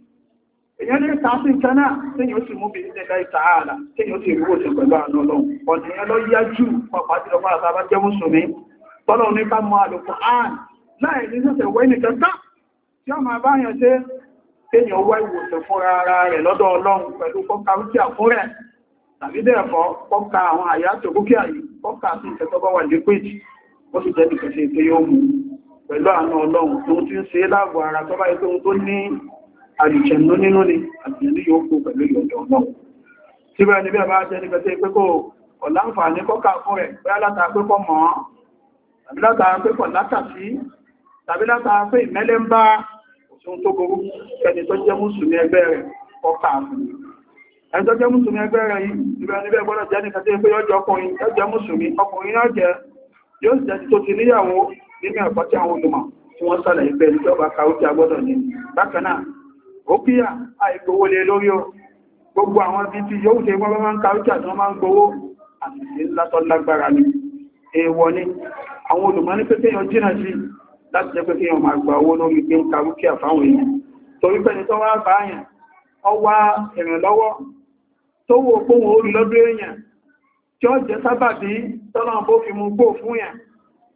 èyàn lè ta sí nǹkan sì mú bí nílẹ̀ ìtàhálà téèyàn sì rí wòsàn pẹ̀lú àánú ọlọ́run ọ̀nà lọ yá jù pàpà jùlọ fún àtà jẹ́ mùsùlùmí tọ́lọ́run ní ká mọ àlòkù láì ní sọ̀tẹ̀ wẹ́ nìkan tí ó máa bá àlùjẹ̀nú nínú ni àlùjẹ̀nú yóò kó pẹ̀lú ìyọ̀dọ̀ náà tí bẹ́ẹ̀ ni bí ẹ̀bá jẹ́ nígbẹ́ tí pẹ́kọ́ ọ̀láǹfààní kọ́kà fún rẹ̀ pẹ́ látà pẹ́kọ́ mọ́ tàbí látà pẹ́kọ̀ látàsí tàbí látà pé ìmẹ́lẹ́ ń bá òṣun tó gorú ẹni tó jẹ́ mùsùlùmí ẹgbẹ́ rẹ̀ kọ́kà fún ẹni tó jẹ́ mùsùlùmí ẹgbẹ́ rẹ̀ yìí ibẹ̀ níbẹ̀ gbọ́dọ̀ jẹ́ nìkan tí pé yọjọ́ ọkùnrin yọjọ́ mùsùlùmí ọkùnrin ó kíyà àìgbówó lè lórí o gbogbo àwọn bí ti yóò ṣe wọ́n máa ń kàrúkà tí wọ́n máa ń gbówó àtìsí látọ́ lágbára ní èèwọ̀ ni àwọn olùmọ̀ ní pẹ́kẹ́ yàn jìnà sí láti jẹ́ pẹ́kẹ́ yàn máa gba owó lórí pé ń kàrúkà fáwọn èèyàn torí pẹ́ni tó wá báyàn ọ wá ìrìnlọ́wọ́ tó wo kóhun orí lọ́dún èèyàn tí ó jẹ́ sábàbí tọ́lọ́n bó fi mú gbò fún yàn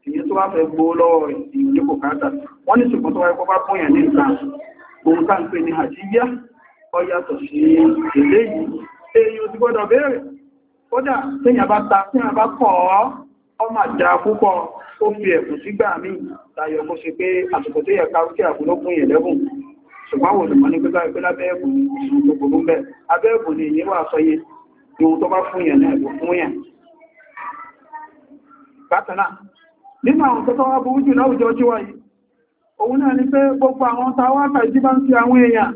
ìyẹn tó wá fẹ́ gbó lọ́wọ́ ìdíkò káàtà wọ́n ní ṣùgbọ́n tó wáyé kó bá fún yàn ní ìta òun ká ń pè ní àjíyá ó yàtọ̀ sí ilé yìí èèyàn ti gbọ́dọ̀ béèrè kódà tíyàn bá ta tíyàn bá kọ̀ ọ́ ọmọ àjá púpọ̀ ó fi ẹ̀kùn sígbà mí tayọ kó ṣe pé àsìkò tó yẹ kárúkí àbúlógún yẹn lẹ́bùn ṣùgbọ́n àwọn olùmọ̀ ní pípa ìpínlẹ̀ abẹ́ẹ̀bùn gbogbo ń bẹ̀ abẹ́ẹ̀bùn ni èyí wà sọye nínú àwọn tó tọ́wọ́ burú jù láwùjọ jíwá yìí òun náà ni pé gbogbo àwọn tàwátà ìjí bá ń fi àwọn èèyàn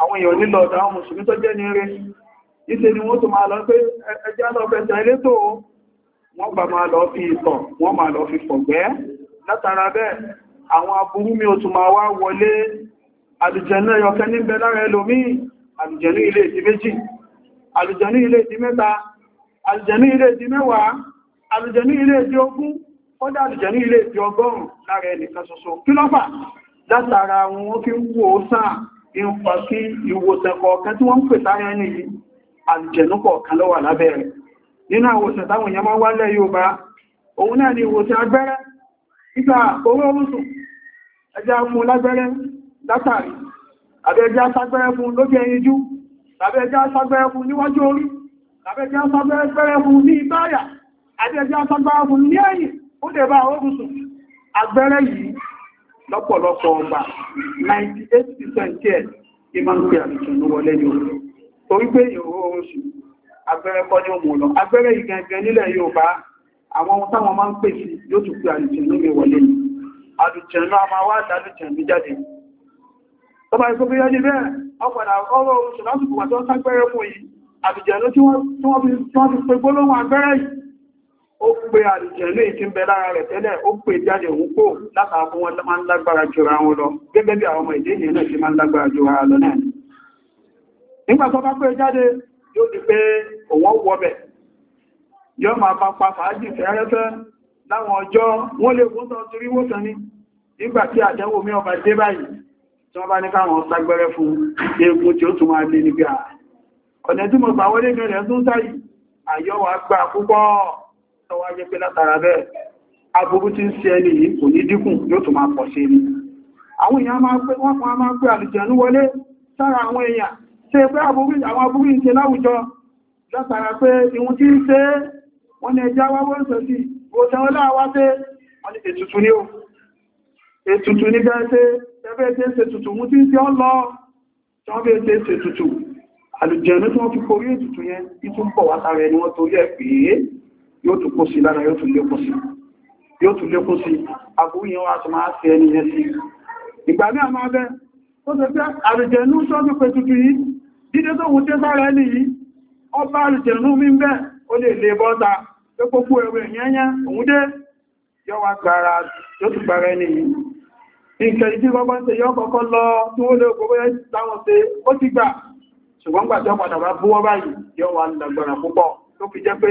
àwọn èèyàn nílọ ọ̀dọ̀ àwọn mùsùlùmí tó jẹ́ ní rẹ̀ ìṣẹ́ ni wọ́n tó máa lọ pé ẹjá lọ fẹsẹ̀ elétò wọ́n bá máa lọ fi ìtọ̀ wọ́n máa lọ fi fọ̀gbẹ́ látara bẹ́ẹ̀ àwọn aburú mi ò tún máa wá wọlé àlùjẹ̀nú ẹyọkẹ́ ní bẹ lára ẹlòmíì àlùjẹ̀nú ilé ìdí méjì àlùjẹ̀nú ilé ìdí mẹ́ta àlùjẹ̀nú ilé ìdí mẹ́wàá àlùjẹ̀nú ilé ìdí ogún kọ́dá àlùjànnú ilé ìfi ọgọ́rùn lára ẹnìkan ṣoṣo kí lọ́fà látara wọn wọ́n fi ń wò ó sáà ìfà sí ìwòsàn kọ̀ọ̀kan tí wọ́n ń pè sára ẹni yìí àlùjànnú kọ̀ọ̀kan ló wà lábẹ́ rẹ̀ nínú àwòsàn táwọn èèyàn máa wálẹ̀ Yorùbá òun náà ni ìwòsàn agbẹ́rẹ́ nígbà fún ní ìbáyà àbẹ́já ságbẹ́rẹ́ fún ní ẹ̀yìn ó dẹ̀ bá oòrùn sùn agbẹ́rẹ́ yìí lọ́pọ̀lọpọ̀ ọgbà 98% ẹ̀ ìmọ̀ ń pè àrùsùn ló wọlé ní orí torí pé ìró oṣù agbẹ́rẹ́ kọ́ ní òmù lọ agbẹ́rẹ́ yìí gangan nílẹ̀ Yorùbá àwọn ohun táwọn máa ń pè sí yóò tún pè àrùsùn ló mi wọlé ní àdùjẹ̀ náà máa wá àdùjẹ̀ mi jáde tó bá ikú bíyá ní bẹ́ẹ̀ ọpàdà ọrọ̀ oṣù lásìkò wà tó ń ságbẹ́rẹ́ fún yìí àdùjẹ̀ ló tí wọ́n fi pe gbólóhùn agbẹ́rẹ́ yìí ó pé àrìjẹ̀ lè tí ń bẹ lára rẹ̀ tẹ́lẹ̀ ó pè jáde òun pò látàkùn wọn máa ń lágbára jùra wọn lọ gẹ́gẹ́ bí àwọn ọmọ ìdí ènìyàn náà ti máa ń lágbára jùra lọ náà nígbà tó bá pé jáde yóò di pé òun wọbẹ̀ yóò máa bá pa fàájì fẹ́rẹ́fẹ́ láwọn ọjọ́ wọ́n lè wọ́n tọ́ torí wọ́sàn ni nígbà tí àjẹ́wò mi ọba dé báyìí tí wọ́n bá ní káwọn sagbẹ́rẹ́ fún eegun tí ó tún máa lé níbi ààrẹ ọ̀nà tí mo gbà wọlé mẹ́rẹ̀ tún sáyì àyọ́wà gbà púpọ̀ tọ́wá jẹ́ pé látara bẹ́ẹ̀ aburú tí ń ṣe ẹni yìí kò ní dínkù yóò tún máa pọ̀ sí ni àwọn èèyàn máa pé wọ́n kan máa pé àlùjànnú wọlé sára àwọn èèyàn ṣe pé àwọn aburú ń ṣe láwùjọ látara pé ìwọ̀n tí ń ṣe wọ́n ní ẹjá wáwọ́ ìsọ̀ sí òṣèwọ́ láàwá pé wọ́n ní ètùtù ní o yóò tún kó sí lára yóò tún lékó sí yóò tún lékó sí agbóhùn yẹn wá tó máa fẹ́ ẹni yẹn sí ìgbà ní àmà abẹ́ tó tẹ́ pé àrìjẹ̀nú sọ́dún pé tuntun yìí dídé tó wùn tẹ́ sára ẹni yìí ọba àrìjẹ̀nú mi ń bẹ́ ó lè lè bọ́ta pé gbogbo ẹ̀rọ ìyẹnyẹ òun dé yọ wá gbára yóò tún gbára ẹni yìí nǹkan ìdí gbọ́gbọ́n ṣe yọ kọ́kọ́ lọ tí wọ́n lè gbogbo ẹ̀ táwọn ṣe ó ti gbà ṣùgbọ́n gbà tí wọ́n padà bá búwọ́ báyìí yọ wá lágbára púpọ̀ tó fi jẹ́ pé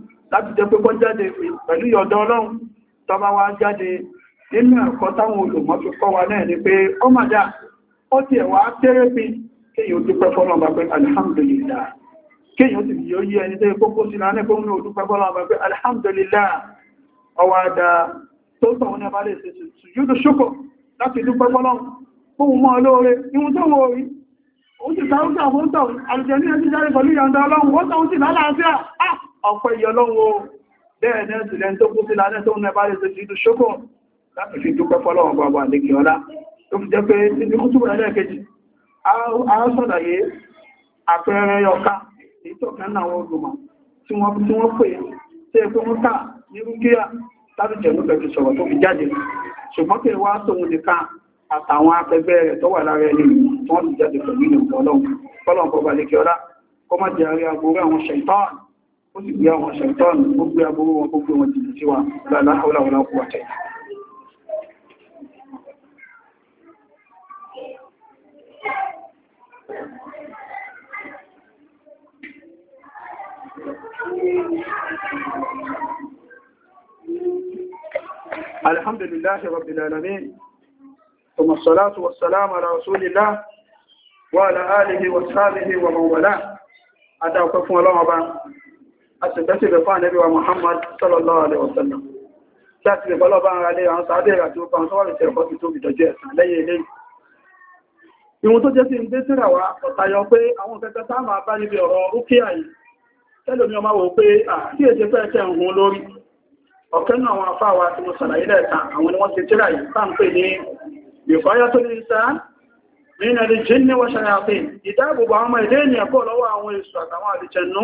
láti jẹ́ pípọ́ jáde pẹ̀lú ìyọ̀dọ̀ ọlọ́run tó bá wá jáde nínú ẹ̀kọ́ táwọn olùmọ́ fi kọ́ wa náà ni pé ó mà dá ó ti ẹ̀wà kéré pin kéyìn ó dúpẹ́ fọ́nà ọba pé alhamdulillah kéyìn ó sì yóò yí ẹni tó yẹ kókó sí lánàá pé ó ní òdúpẹ́ fọ́nà ọba pé alhamdulillah ọwọ́ àdá tó sọ wọn ní ọba lè ṣe sùjúdù ṣúkọ̀ láti dúpẹ́ fọ́nà fún mọ́ olóore ihun tó wọ́n rí ó sì sáré sàfóńtọ̀ àlùjẹ́ ní ẹni jáde pẹ̀lú ìyàndà ọlọ́run ó sọ ó sì lálàáfíà ah! ọpẹ́ yọlọ́wọ́ bẹ́ẹ̀ náà sì lẹ́n tó kú sí lálẹ́ tó ń bá lè ṣe ìdú ṣókò láti fi dúpẹ́ fọ́lọ́wọ́n bàbá àdékì ọlá tó fi jẹ́ pé ibi kú túbọ̀ lẹ́ẹ̀kejì a sọ̀dàyé àpẹẹrẹ ọ̀ká èyí tó kan náà wọ́n gbọmọ̀ tí wọ́n tí wọ́n pè tí ẹ pé wọ́n kà ní rúkíà láti jẹ̀lú pẹ̀lú sọ̀rọ̀ tó fi jáde ṣùgbọ́n kí wá sóhun nìkan àtàwọn akẹgbẹ́ rẹ̀ tó wà lára ẹni tí wọ́n ti jáde pẹ̀lú ìlú ọlọ́run fọ́lọ́run bàbá àdékì ọlá kọ́mọ̀jẹ̀ àrí agbórí àwọn ṣẹ̀tọ́ọ̀nù الحمد لله رب العالمين ثم الصلاة والسلام على رسول الله وعلى آله وصحبه ومن والاه أتى الله الله àṣẹ̀gbẹ́sẹ̀ rẹ̀ fún ànẹ́bíwa Muhammad sallallahu alaihi wasallam láti rẹ̀ bọ́lọ́ bá ń ra lé àwọn sàádẹ́ ìrà tí ó pàwọn sọ́wọ́ ìṣẹ̀rẹ̀ fọ́sí tó ìdọ̀jẹ́ ẹ̀sàn lẹ́yìn ilé ìwọ̀n tó jẹ́ sí ń dé síra wá ọ̀tayọ pé àwọn kẹta tá máa bá níbi ọ̀rọ̀ rúkíà yìí tẹ́lò ní ọmọ wò pé àti èdè fẹ́ tẹ́ ń hun lórí ọ̀kẹ́ náà àwọn afá wa tí mo sàlàyé lẹ́ẹ̀ta àwọn ni wọ́n ti tíra yìí tá ń pè ní ìfọ́yá tó ní sá nínú ẹni jí ní wọ́n ṣàyàfin ìdáàbòbò àwọn ọmọ ilé ènìyàn pọ̀ lọ́wọ́ àwọn èṣù àtàwọn àlìjẹnú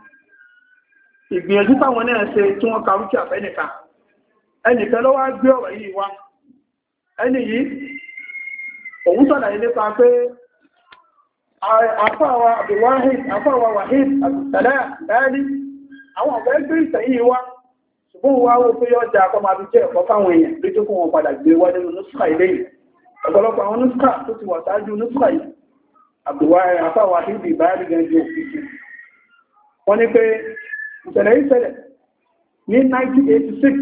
ìgbìyànjú táwọn náà ṣe tí wọ́n ka rúkí àfẹ́nìkan ẹnìkan ló wá gbé ọ̀rọ̀ yìí wá ẹni yìí òun sọ̀rọ̀ yìí nípa pé afáwa abdulwahid afáwa wahid abdulsalẹ́ àwọn ọ̀fẹ́ gbé ìtẹ̀ wá ṣùgbọ́n wá pé wọn padà nitere ìṣẹ̀lẹ̀ ní 1986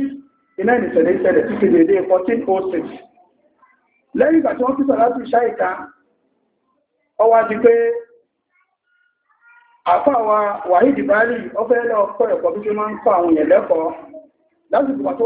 iná ìṣẹ̀lẹ̀ ìṣẹ̀lẹ̀ títí dédé 1406 lẹ́yìn ìgbà tí wọ́n kí láti ṣá ìka ọwá di pé àfáwà wàhídì báyìí ó fẹ́ ẹ̀kọ́ bí ṣe máa ń kọ́ àwọn èèyàn lẹ́kọ̀ọ́ lásìkò tó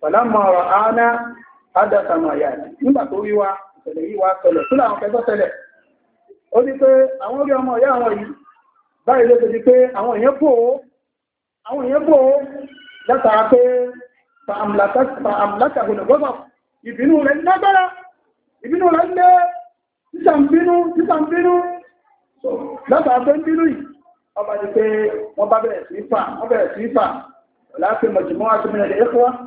pẹ̀lámọ̀ ọ̀rọ̀ àánà adàtàmọ̀ àyà nígbà tó wíwá ìṣẹ̀lẹ̀ yíwá tẹ̀lẹ̀ tí làwọn fẹ́ tọ́tẹ̀lẹ̀ ó ní pé àwọn orí ọmọ ìyá àwọn yìí báyìí ló ti di pé àwọn èèyàn bò ó àwọn èèyàn bò ó látara pé fàmìlátàgùnà gbọ́dọ̀ ìbínú rẹ̀ ń lágbára ìbínú rẹ̀ ń lé sísàmbínú sísàmbínú látara pé ń bínú yìí ọba ti pé wọ́n bá bẹ̀rẹ̀ sí fà wọ́n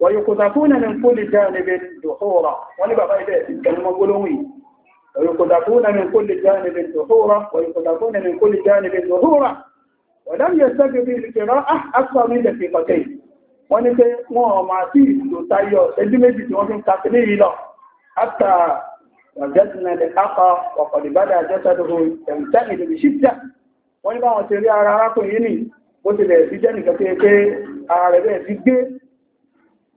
ويقذفون من كل جانب دحورا ولبقى إذا كلمة قلوي من كل جانب دحورا ويقذفون من كل جانب دحورا ولم يستجب القراءة أكثر من دقيقتين wọ́n pé wọn ọmọ àti ìlò tayọ ẹjú méjì tí wọ́n fi ń ta sí léyìí lọ after ọ̀jẹ́sìnlẹ̀ akọ ọ̀pọ̀lìbádà àjẹ́sẹ̀dọ̀rọ̀ ẹ̀mùtẹ́mì lè fi ṣíjà wọ́n ní báwọn ṣe rí ara arákùnrin bẹ́ẹ̀ ti gbé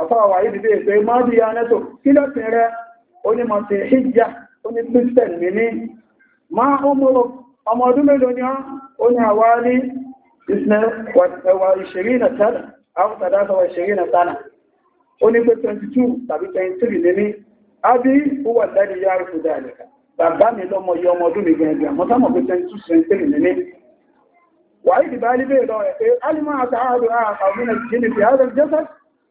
àfáwà yìí bèèrè pé ya nẹ́tò kí rẹ onímọ̀sí hijja oní kristian mi ma ọmọrọ ọmọ ọdún mélòó ni ó ní àwá ní ìsìnẹ̀wà ìṣèrí na tánà na 22 tàbí 23 ìdìbà àtàrà ìjìnlẹ̀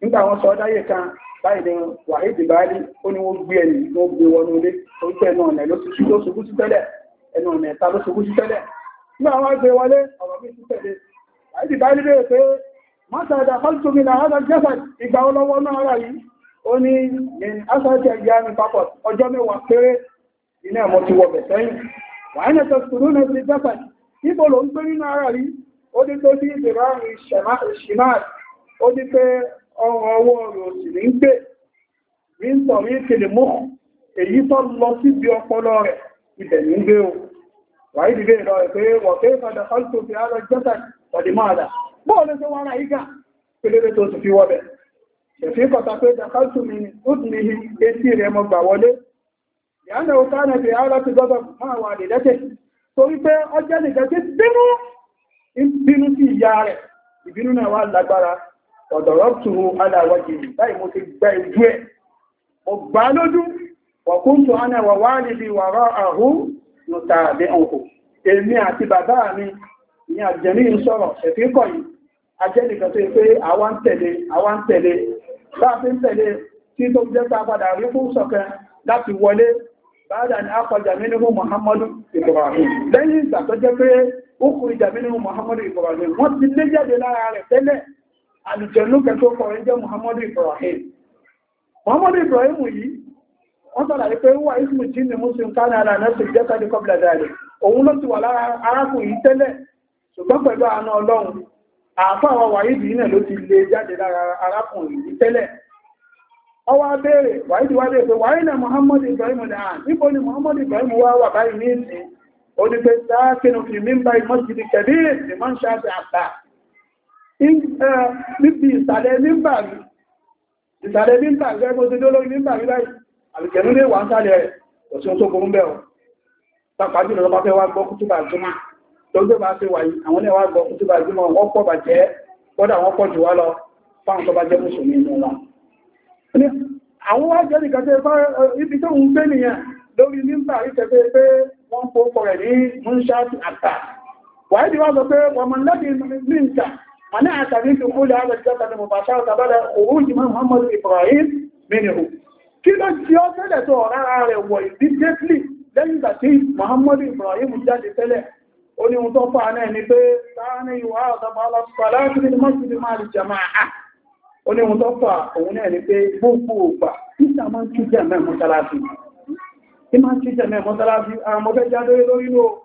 nígbà wọn sọ dáyé kan báyìí ni wàhídì báyìí ó ní gbé ẹni gbé orúkọ ẹnu ọ̀nà ló ṣubú sí tẹ́lẹ̀ ẹnu ọ̀nà ẹ̀ta ló ṣubú sí tẹ́lẹ̀ nígbà wọn gbé wọlé ọ̀rọ̀ bí sí tẹ́lẹ̀ wàhídì báyìí lè pé mọ́sàdà fọ́lùtùmí náà ọ̀dọ̀ jẹ́fà ìgbà ọlọ́wọ́ náà rà yìí ó ní aṣáájú ẹ̀yà mi papọ̀ ọjọ́ mẹ́wàá péré iná ẹ̀mọ́ ti sẹ́yìn ọrọ̀ ọwọ́ rẹ̀ òsì ní gbé kele ìkèlè mú èyí lọ síbi ọpọlọ rẹ̀ ibẹ̀ ní gbé o wà ní ìdílé pé fi jẹ́ta pélébé tó ti fi kọta pé mi ní etí rẹ̀ mọ gbà wọlé ìyáná òkà náà fi ààrẹ ti gbọ́dọ̀ máa wà lè lẹ́tẹ̀ torí pé ọjọ́ nìkan ti bínú sí ọ̀dọ̀rọ̀ tù ú aláwọ̀dì báyìí mo ti gbẹ́ ìjú ẹ̀ mo gbá lójú wọ̀kúntù ánà wà wá níbi wàrọ̀ àhú nùtà àbí ọkọ̀ èmi àti bàbá mi ní àjẹ́rí ń sọ̀rọ̀ ẹ̀fíkọ̀ yìí ajẹ́nìkan tó pé àwa ń tẹ̀lé àwa ń tẹ̀lé bá fi ń tẹ̀lé tí tó jẹ́ pa padà rí ìgbà tó jẹ́ pé ó kú ìjà mínú Muhammadu wọ́n ti lé jáde lára rẹ̀ tẹ́lẹ̀ àlùjẹ̀lúkẹ tó kọ̀ rẹ̀ Muhammadu Ibrahim Muhammadu Ibrahim yìí wọ́n tọ́lá yìí wà ìsìnkú jí ni muslim ká náà náà jẹ́ òun ló ti wà lára arákùnrin tẹ́lẹ̀ ṣùgbọ́n pẹ̀lú àánú Ọlọ́run àáfà wa wàyídì ló ti lè jáde lára arákùnrin tẹ́lẹ̀ Eh, níbi ìsàlẹ̀ nígbà rí ìsàlẹ̀ nígbà rí ẹgbẹ́ òṣèlú olórin nígbà rí láì àlùkẹ̀ẹ́nú lè wà ń sàlẹ̀ ọ̀sán tó kọrún bẹ̀rọ pàpàá jùlọ lọ́pàá fẹ́ wá gbọ́ kútùbà jùmọ̀ lọ́gbẹ́ bá ṣe wà yìí àwọn ẹwà gbọ́ kútùbà jùmọ̀ wọ́n pọ̀ bà jẹ́ kọ́dà wọ́n pọ̀ jù wá lọ fáwọn tó bá jẹ́ mùsùlùmí inú wọn àwọn wá jẹ́ nìkan tẹ́ bá eh, ibi tó ń gbé nìyẹn lórí nígbà rí منع من دخول هذا الجسد مباشرة بعد خروج من محمد إبراهيم منه كلا السياسة لتورا على ويديتلي لن تتي محمد إبراهيم جاد تلي oni ohun tó fà náà ni pé sáánà ìwà àtàbà alásùpàá láti ní mọ́sílì máa lè jama'a oni ohun tó fà òun náà ni pé gbogbo ògbà títà máa ń kíjà mẹ́ mọ́sálásí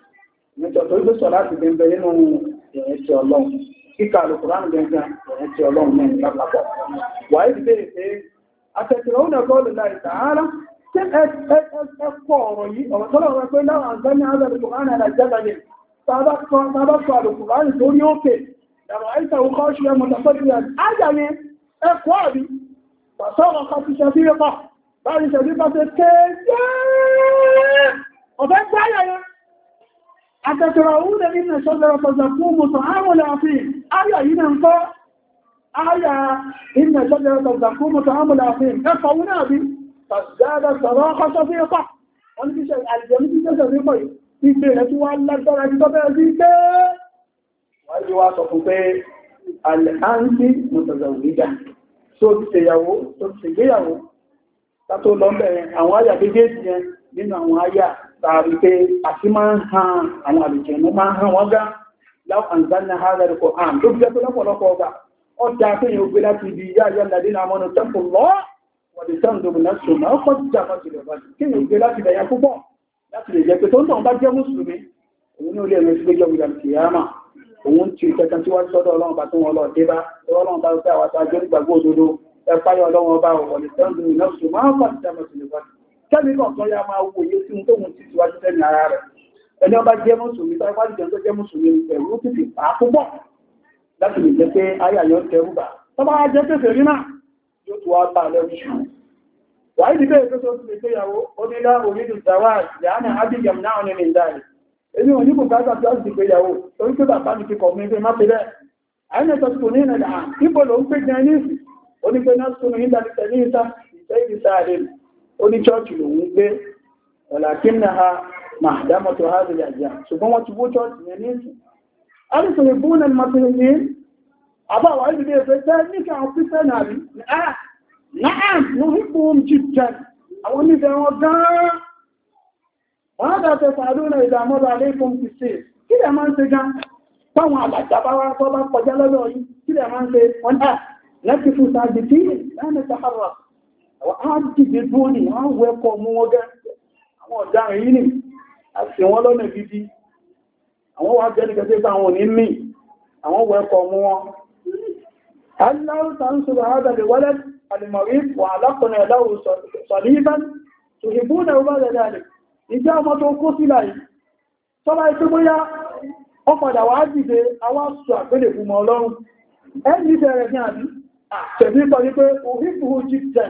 nítorí tó sọ láti gbẹ̀ngbẹ̀ nínú ìrìn ti ọlọ́run kíkà alùpùránù gbẹ̀ngbẹ̀ ìrìn ti ọlọ́run mẹ́rin lápapọ̀ wàá ìdí bèèrè pé àtẹ̀tẹ̀ òun náà kọ́ọ̀lù láì sàárà ṣé ẹ̀kọ́ ọ̀rọ̀ yìí ọ̀rọ̀ tọ́lọ̀ rẹ pé láwọn àgbẹ̀mí alùpùránù àlàjẹ́gbẹ̀lẹ̀ tàbá sọ alùpùránù lórí òkè ẹ̀rọ àìsàn òkọ́ ṣe mọ̀tàfẹ́jìlẹ̀ ájàmí ẹ̀kọ́ àbí pàṣọ́rọ̀ kan ti ṣe bí rẹ̀ pọ̀ báyìí ṣe bí bá ṣe kéèké ọ̀fẹ́ gbáyà yẹn Àtẹ́tẹ̀ràúdẹ̀ nínú ṣọ́gbẹ̀rẹ̀ tọ̀zàkú mọ̀tò àrùn láàfin, ayà yìí na ń kọ́, ayà inú ṣọ́gbẹ̀rẹ̀ tọ̀zàkú mọ̀tò àrùn láàfin, ẹfọ̀ wúnà bí, tàṣádà sọ̀rọ̀ ọkọ̀ sọ́fẹ́ ọkọ̀, wọ́n ní ṣe àjẹ́ ní ṣe ṣe rí pọ̀ yìí, ìgbé rẹ̀ tí wọ́n lágbára ní tọ́bẹ̀rẹ̀ sí pé, wọ́n yíwá sọ tàbí pé àti máa ń han àwọn àlùjẹ̀nú máa ń han wọ́n gá láwọn àǹzánà hàrẹ̀ rẹ̀ kò hàn tó fi jẹ́ pé lọ́pọ̀lọpọ̀ ọgbà ó da kéèyàn gbé láti ibi ìyá ìyá ìlàdí náà mọ́nu tẹ́kù lọ́ wọ́n lè tán lómi náà sùn náà kọ́ jíjà kan jùlọ bá kéèyàn gbé láti ìdàyà púpọ̀ láti sí gbéjọ kẹ́mi náà tọ́ ya máa wòye sí ohun tóun ti síwájú sẹ́ni ara rẹ̀ ẹni ọba jẹ́ mùsùlùmí tó bá jẹ́ tó jẹ́ mùsùlùmí ẹ̀rú títì pa púpọ̀ láti lè jẹ́ pé ayàyọ́ tẹrù bà tó bá jẹ́ pèsè rí náà yóò tó wá bá lẹ́rù ṣù wàá ìdíbẹ̀ tó tó ti pèsè ìyàwó onílá orílẹ̀ ìdáwà ìyáàna abiyam náà ní ní ìdáyì èmi ò ní kò káàkà tó ti pè ìyàwó torí pé bàbá mi ti kọ̀ mí pé má fi bẹ́ẹ̀ àyínà tó ní ìrìnà níbo ló ń pè ní ìsìn onígbẹ́ náà tó ní ìdá ó ní chọ́ọ̀chì lòun gbé ọ̀làkín náà ha máa dámọ́tò hàzìlì àjà ṣùgbọ́n wọ́n ti bó chọ́ọ̀chì yẹn ní ìsìn alìsàn ìbú na mọ̀tìrìní àbáwà ìdílé ẹ̀fẹ́ jẹ́ níkà ọ̀pípẹ́ nàbí náà ló ń bú ń jí jẹ àwọn nífẹ́ wọn gan-an wọ́n dàtẹ̀ fàádùn náà ìdàmọ́lá aléìkún ti ṣe kí lẹ máa ń ṣe gan á dìde dúró ní á wẹ́kọ̀ mú wọn gẹ́ àwọn ọ̀daràn yìí nì àti wọn lọ́nà gidi àwọn wà jẹ́ nìkan tẹ́ta àwọn ní mí àwọn wẹ́kọ̀ mú wọn aláwùta ń sọ àádọ́ lè wọ́lẹ́ alìmọ̀rí wà alákùnrin ẹ̀dáwò sọ̀líbán tòhìbú náà bá rẹ̀ dáadẹ̀ ìjẹ́ ọmọ tó kó sílà yìí tọ́lá ikú bóyá ó padà wá dìde awá sọ àpẹẹlẹ̀ fún mọ́ ọlọ́run ẹni bẹ̀rẹ̀ ní àbí tẹ̀bí sọ wípé òhìbù jíjẹ̀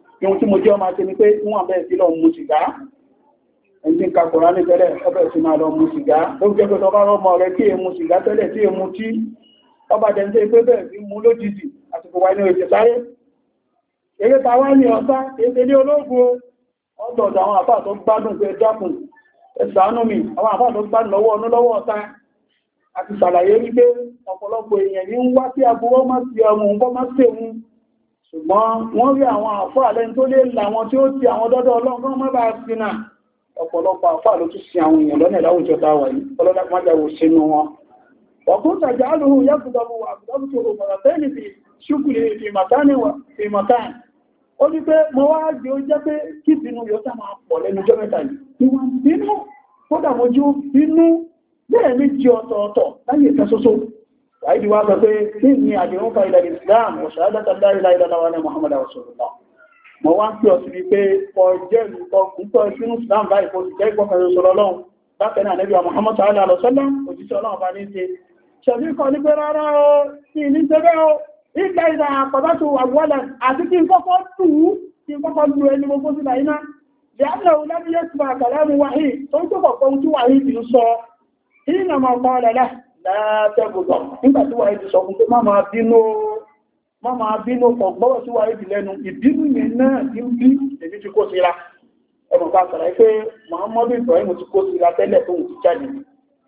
Ìwọ̀n tí mo jẹ́ ọmọ àti ni pé wọ́n àbẹ́ sí lọ mú sìgá. Ẹni tí ń ka kọ̀rọ̀ ní tẹ́lẹ̀ ọbẹ̀ sí máa lọ mú sìgá. Ó jẹ́ pé tọba ọmọ rẹ kí èmu sìgá tẹ́lẹ̀ tí èmu tí ọba dẹ̀ntẹ́ pé bẹ́ẹ̀ sí mú lójijì àti kò wá ní oṣù sáré. Eré ta wá ní ọ̀sá, èdè ní ológun ọ̀dọ̀dọ̀ àwọn àfáà ṣùgbọ́n wọ́n rí àwọn àfáà lẹ́ni tó lè là wọn tí ó ti àwọn dọ́dọ̀ ọlọ́run má bá sínà ọ̀pọ̀lọpọ̀ àfáà ló tún sí àwọn èèyàn lọ́nà láwùjọ tá wà yìí ọlọ́dàpọ̀májáwò sínú wọn ọkùn tàjà alùhù yàkùdọ̀bù àbùdọ́bùtò òmọ̀lọ̀tẹ́lì fi ṣúkùlé ìmọ̀tánì ìmọ̀tánì ó ní pé mo wá jẹ́ ó jẹ́ pé kí bínú yóò sá máa pọ̀ lẹ́nu jọ mẹ́ta yìí Ṣàìdì wá sọ pé tí ní àdéhùn ilẹ̀ Islam, ọ̀ṣàádọ́ta dá ilẹ̀ ilẹ̀ wa ní Muhammad Rasulullah. Mọ̀ wá ń pè ọ̀sìn ni pé ọjẹ́ ìrùkọ́ Islam báyìí kò sì jẹ́ ìgbọ́kànlẹ̀ sọ̀rọ̀ lọ́wọ́. Bákan Nabi Muhammad Sallallahu Alaihi Wasallam, òjíṣẹ́ Ọlọ́run bá ní ṣe. Ṣẹ̀bí kan ní pé rárá o, kí ní ṣe bẹ́ o, ìgbà ìdà àpàdásù àwọ̀lẹ̀ àti kí n kọ́kọ́ tù ú, kí n kọ́kọ́ lu ẹni gbogbo sílà iná. Ìyáàlẹ̀ látẹ́gbùdọ̀ nígbà tí wàá ìdí sọ fún pé má máa bínú má máa bínú kọ̀ gbọ́wọ́ sí wàá ìdí lẹ́nu ìbínú yẹn náà ti ń bí èmi ti kó síra ẹmọ̀ bá sàrà pé Muhammadu Ibrahim ti kó síra tẹ́lẹ̀ tó ń ti jáde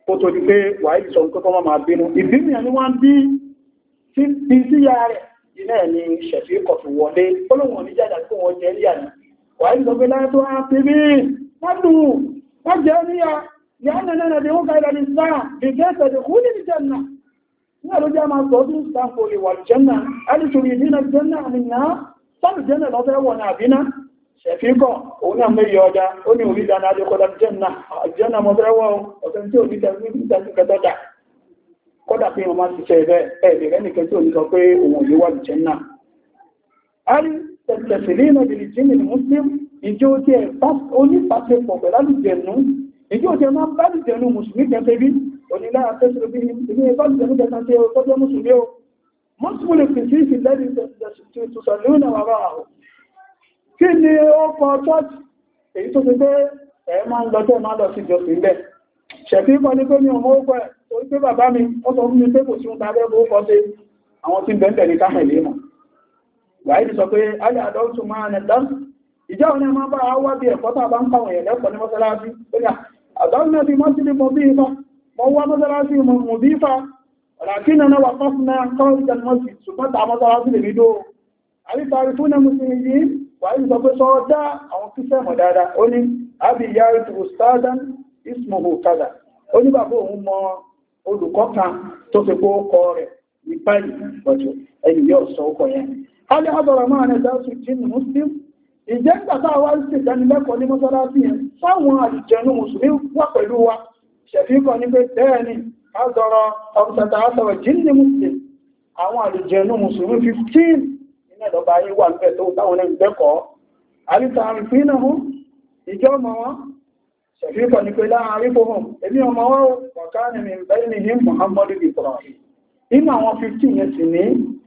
kó tó di pé wàá ìdí sọ fún pé kọ́ má máa bínú ìbínú yẹn ni wọ́n ń bí ti síya rẹ̀ iná ẹ̀ ni ṣẹ̀fí kọ̀tù wọlé olóhùn oníjàdà tó wọ́n لأننا ندعوك إلى الإسلام بجهة دخول الجنة نقول يا ما صوتي استنفر والجنة هل تريدين الجنة منا صار الجنة لطيب ونابنا ṣẹ̀fíkọ̀ òun náà mẹ́rin ọjà ó ní orí dáná adékọ́dá jẹ́nà àjẹ́nà mọ́fẹ́wọ́ ọ̀sán tí òní tẹ̀sí ìtàkì kẹtọ́jà kọ́dà pé wọ́n máa ti ṣe ẹ̀rẹ́ ẹ̀rẹ́ rẹ́nìkan tí òní sọ pé òun òní wà jẹ́nà ari tẹ̀sẹ̀sẹ̀ lẹ́nà ìdílé jẹ́nà muslim ìjọ tí ẹ̀ onípàṣẹpọ̀ pẹ̀lú àlùjẹ̀nù èyí ò jẹ máa bá ìjẹnu mùsùlùmí kẹfẹ́ bí onílá àfẹ́sọ̀rọ̀ bí ilé ẹ̀bá ìjẹnu kẹta tí ó tọ́jọ́ mùsùlùmí o mọ́sùlùmí lè pèsè ìfìlẹ́rì ni ó kọ chọ́ọ̀tì èyí tó ti pé ẹ máa ń lọ́jọ́ máa lọ sí ìjọsìn bẹ́ẹ̀ ṣẹ̀fí kọ́ ní pé mi ọmọ ókọ ẹ̀ torí pé bàbá mi ó sọ fún mi pé kò sí ohun tàbí ẹbú ókọ sí àwọn tí bẹ́ẹ̀ ní káfẹ́ lé mọ̀ wàí ti sọ pé alẹ́ àdọ́tù ìjọ́ òní máa bá wá bí ẹ̀kọ́ tá ń pàwọn ẹ̀lẹ́kọ̀ọ́ ní mọ́sálásí أضلنا في مسجد مضيفة وهو مدرسة مضيفة ولكننا وقفنا خارج المسجد سبت على مدرسة الهدوء هل تعرفون المسلمين وإن تبصوا دا أو قصة دادا أولي أبي يعرف أستاذا اسمه كذا أولي بابو هم olùkọ́ kan tó fi kó ọkọ̀ rẹ̀ ní báyìí pọ̀jù ẹni yóò sọ ọkọ̀ المسلم ìjẹ́ ìgbàtà wá sí ìdánilẹ́kọ̀ọ́ ní mọ́sálásí yẹn sáwọn àjẹ̀nú mùsùlùmí wà pẹ̀lú wa ṣẹ̀fí kan ní pé bẹ́ẹ̀ ni azọrọ ọ̀pùtàtà azọrọ jí ní mùsùlùmí àwọn àjẹ̀nú mùsùlùmí 15 iná ìdọ̀bà yìí wà níbẹ̀ tó táwọn ẹni dẹ́kọ̀ọ́ àríta àrífínà mú ìjọ ọmọ wọn ṣẹ̀fí kan ní pé láàárín fóhùn èmi ọmọ wọn wọ̀ká ni mi bẹ́ẹ̀ ni Muhammadu Ibrahim nínú àwọn 15 yẹn sì ní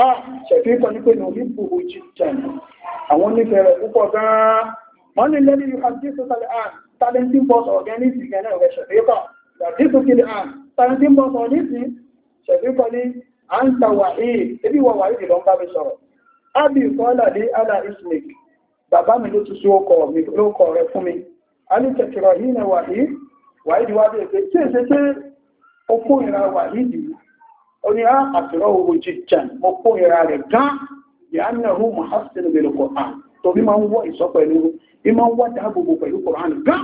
a ah, ṣẹ̀fí kan ní pé ní orí bùrù jíjà ní àwọn onífẹ̀ẹ́rẹ̀ púpọ̀ gan-an wọ́n ní lẹ́lẹ́ yóò hàn jíso tàlẹ̀ àn tàbí tí bọ́ sọ̀rọ̀ gẹ́ ní ìsìnkẹ́ náà rẹ̀ ṣẹ̀fí kan jíso kìlẹ̀ àn tàbí tí bọ́ sọ̀rọ̀ ní ìsìn ṣẹ̀fí kan ní à ń ta wà ní ebi wọ wà ìdìlọ ń ismik bàbá mi ló tuntun ókọ̀ rẹ̀ fún mi alìkẹ̀kẹ̀rọ̀ yìí na wà ní wà ìdíwájú ẹgbẹ́ tí èsẹ́ tí ó kó ìra wà ní oní á àtìrọ owó jíjà mo kó ìra rẹ̀ gán ìyáàmìnàhù muhassin bèèrè kọ̀án tó bí máa ń wọ́ ìsọ pẹ̀lú bí máa ń wọ́ dáàbòbò pẹ̀lú kọ̀án gán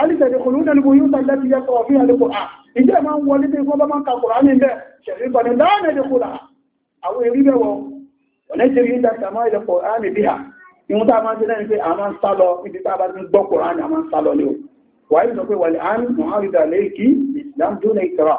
alìsẹ̀dẹ̀ kòlú náà gbogbo yóò tàbí láti yàtọ̀ ọ̀fí àlẹ́kọ̀ à ìjẹ́ máa ń wọlé bí wọ́n bá máa ń ka kọ̀án ní bẹ́ẹ̀ ṣẹ̀rí bọ̀dẹ̀ láàrín ẹ̀dẹ̀ kọ̀lá àwọn èrí bẹ̀wọ̀ ọ̀lẹ́sẹ̀rí ń dàtà máa ilẹ̀ kọ̀án ní bí i ìwọ́n tá a máa ń ṣe lẹ́yìn pé a máa ń sá lọ ibi tá a bá ti ń gbọ́ kọ̀án a máa ń sá ní o wàá yìí sọ pé wàlẹ̀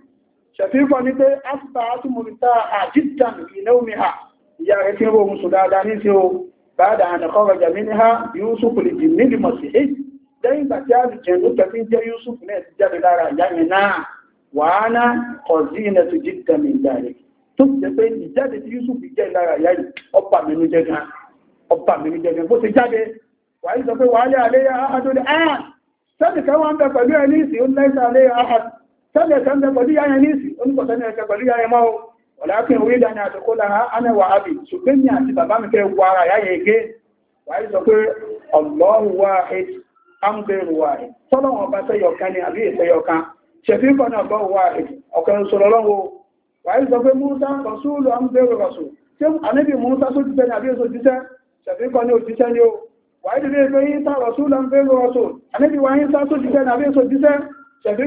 ṣẹ̀fífọ́ ní pé asìbà átùmùrítà àjíjàn ìnáwó mi ha ìyá rẹ̀ tí ó rọrùn sùn dáadáa ní sí o báadà ànàkọ́rọ̀ jàmínì ha Yusuf lè jì nílì mọ̀ sí èyí lẹ́yìn ìgbà tí àrùjẹ̀ ló jẹ́ Yusuf náà ti jáde náà tẹ́lẹ̀ tẹ́lẹ̀ pẹ̀lú yáyẹ ní ìsì oníkọ̀tẹ́lẹ̀ ẹ̀kẹ́ pẹ̀lú yáyẹ mọ́ ọ̀láàkín orí ìdáni àtòkó lára anẹ́wà àbì ṣùgbé na àti bàbá mi Allahu Musa Musa ti sẹ́ni àbí èso jíṣẹ́ ṣẹ̀fí wa kọ́ni òjíṣẹ́ ni ó wáyé ti rí pé Isa rasúlù amgbèrú rasù ànábì wáyé Isa só ti sẹ́ni àbí èso jíṣẹ́ ṣẹ̀fí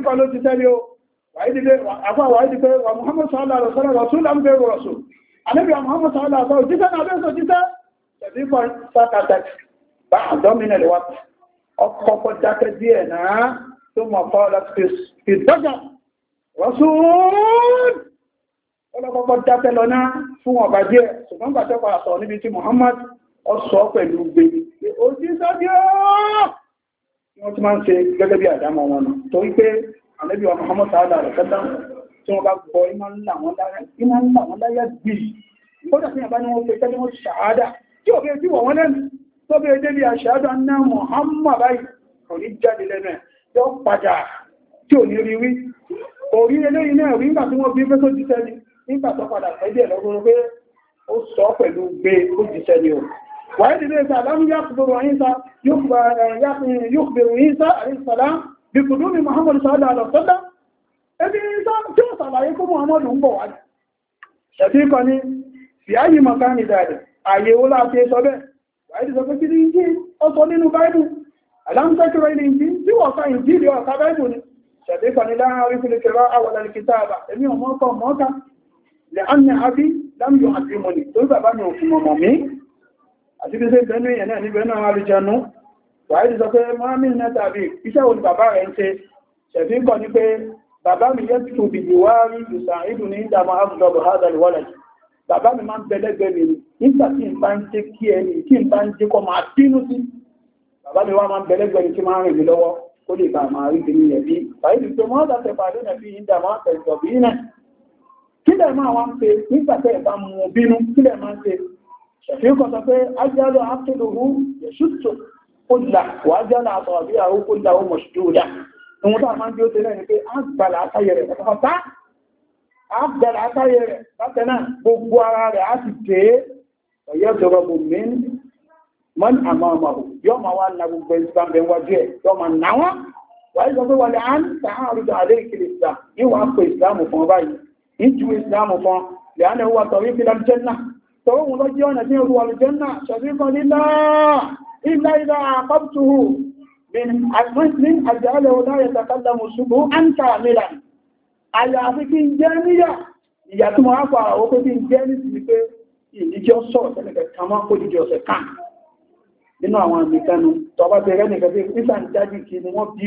àfáwà ìdí pé wà Muhammad sallallahu alaihi wasallam rasul am bẹ̀rù rasul anábì wà Muhammad sallallahu alaihi wasallam jíṣẹ́ náà bẹ́ẹ̀ sọ jíṣẹ́ tẹ̀bí bọ̀ sákàtàkì bá àdọ́mìnà lè wá ọkọ̀kọ̀ dákẹ́ díẹ̀ náà tó mọ̀ fọ́ọ̀lá fi dọ́jà rasul ọlọ́kọ̀kọ̀ dákẹ́ lọ náà fún ọba díẹ̀ ṣùgbọ́n gbàtẹ́ pa àṣọ níbi tí Muhammad ọsọ pẹ̀lú gbèrè òjíṣẹ́ díẹ̀ wọ́n ti máa ń ṣe gẹ́gẹ́ bí àdámọ̀ wọn torí pé àlẹ́bí wa Muhammad sáádà rẹ̀ kẹta tí wọ́n bá gbọ́ iná ńlá wọn láyá gbìyì kódà sí àbá ní wọ́n fẹ́ tẹ́lẹ̀ wọ́n ṣàádà tí ò bẹ́ẹ̀ tí wọ̀ wọ́n lẹ́nu tó bẹ́ẹ̀ débi àṣàádà náà Muhammad báyìí kò ní jáde lẹ́nu ẹ̀ yóò padà tí ò ní rí wí orí eléyìí náà rí nígbà tí wọ́n bí pé tó jíṣẹ́ ni nígbà tó padà àyíṣà yóò gbèrò àyíṣà àríṣàlá bí kùdú ni muhammadu sallallahu alaihi wasallam ẹbí tí ó sàlàyé kó muhammadu ń bọ̀ wá ní ṣẹ̀fí kan ní fi ayé mọ̀ká ní dáadẹ̀ ààyè ó láti sọ bẹ́ẹ̀ wáyé sọ pé kí ní jí ọsọ nínú báìbù alámsẹ́kẹ̀rẹ́ ilé ìjí tí wọ́n sa ìjí ilé ọ̀ka báìbù ni ṣẹ̀fí kan ní láàárín fi lè kẹrọ àwọn alìkìtà àbà èmi wàídì sọ pé mohamed nẹ́tàbí iṣẹ́ òní bàbá rẹ̀ ń ṣe ṣẹ̀fí kọ́ ní pé bàbá mi yẹ́ tó bí ìwárí ìsànìdù ní ìdàmà àbùdọ̀bù hadal wallet bàbá mi máa ń bẹ̀lẹ́gbẹ̀ mi nígbà tí n bá ń jẹ́ kí ẹni kí n bá ń jẹ́ kọ́ máa bínú sí bàbá mi wá máa ń bẹ̀lẹ́gbẹ̀ mi kí máa rìn mí lọ́wọ́ kó lè bá máa rí bínú yẹ̀ bí wàídì tó mọ́ ọ̀dà tẹ̀fà lónà bí ìdàmà àtẹ̀sọ̀ bí náà kí lẹ̀ máa wá ṣe nígbà tẹ̀ bá mú bínú kí lẹ̀ máa ṣe ṣẹ̀fí kọ́ sọ pé ájálù àtẹ̀lóhùn yẹ̀ṣùtò kódà wà jálà àtọ̀wàbí àwọn kódà ó mọ̀ ṣùjú òdá ohun tó àmá ń bí ó tẹ́lẹ̀ ní pé a gbàlá àtàyẹ rẹ̀ pátápátá a gbàlá àtàyẹ rẹ̀ látẹ́nà gbogbo ara rẹ̀ a ti tẹ́ ọ̀yẹ́ ìjọba gbòmí mọ́n àmà ọmọ yọ́ ma wá na gbogbo ìsìlámbẹ̀ wájú ẹ̀ tọ́wọ́n lọ jẹ́ ọ̀nà ní orú alìjẹ́nà ṣàfihàn nílá ilá ilá àpapùtùhù ní àjálẹ̀ oláyẹ̀ takálàmù ṣubú an kàmìlà àyàfi kí n jẹ́ níyà ìyàtúmọ̀ àpà àwọn pé kí n jẹ́ ní ti pé ìníjọ́ sọ̀rọ̀ tẹ́lẹ̀kẹ̀ kàmá kó dìjọ ọ̀sẹ̀ kan nínú àwọn àmìkanu tọba bẹ̀rẹ̀ nìkan bí nígbà ń jáde kí ni wọ́n bí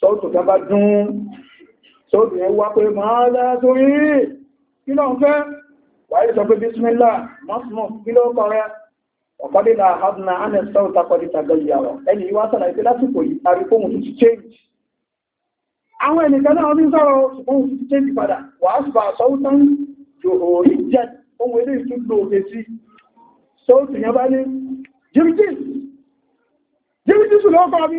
sọ́ọ̀tù kan bá dún sọ́ọ̀tù yẹn wá pé máa látorí kí lọ ń fẹ́ wáyé sọ pé bísmílà mọ́sùmọ́ kí ló kọrẹ ọ̀kọ́dínlá àbúnà ánẹ̀ sọ́ọ̀tà kọ́dí tàbí ìyàwó ẹni ìwá sọ̀rọ̀ ìpé lásìkò yìí tàbí fóhùn tuntun change àwọn ènìyàn náà ní sọ̀rọ̀ fóhùn tuntun change padà wàásù bá sọ́ọ̀tàn yòrò orí jẹ́ ohun ilé ìtúlò òfèsí sọ́ọ̀tù yẹn bá ní jìrìjì jìrìjì sùn lọ́kọ̀ọ́ mi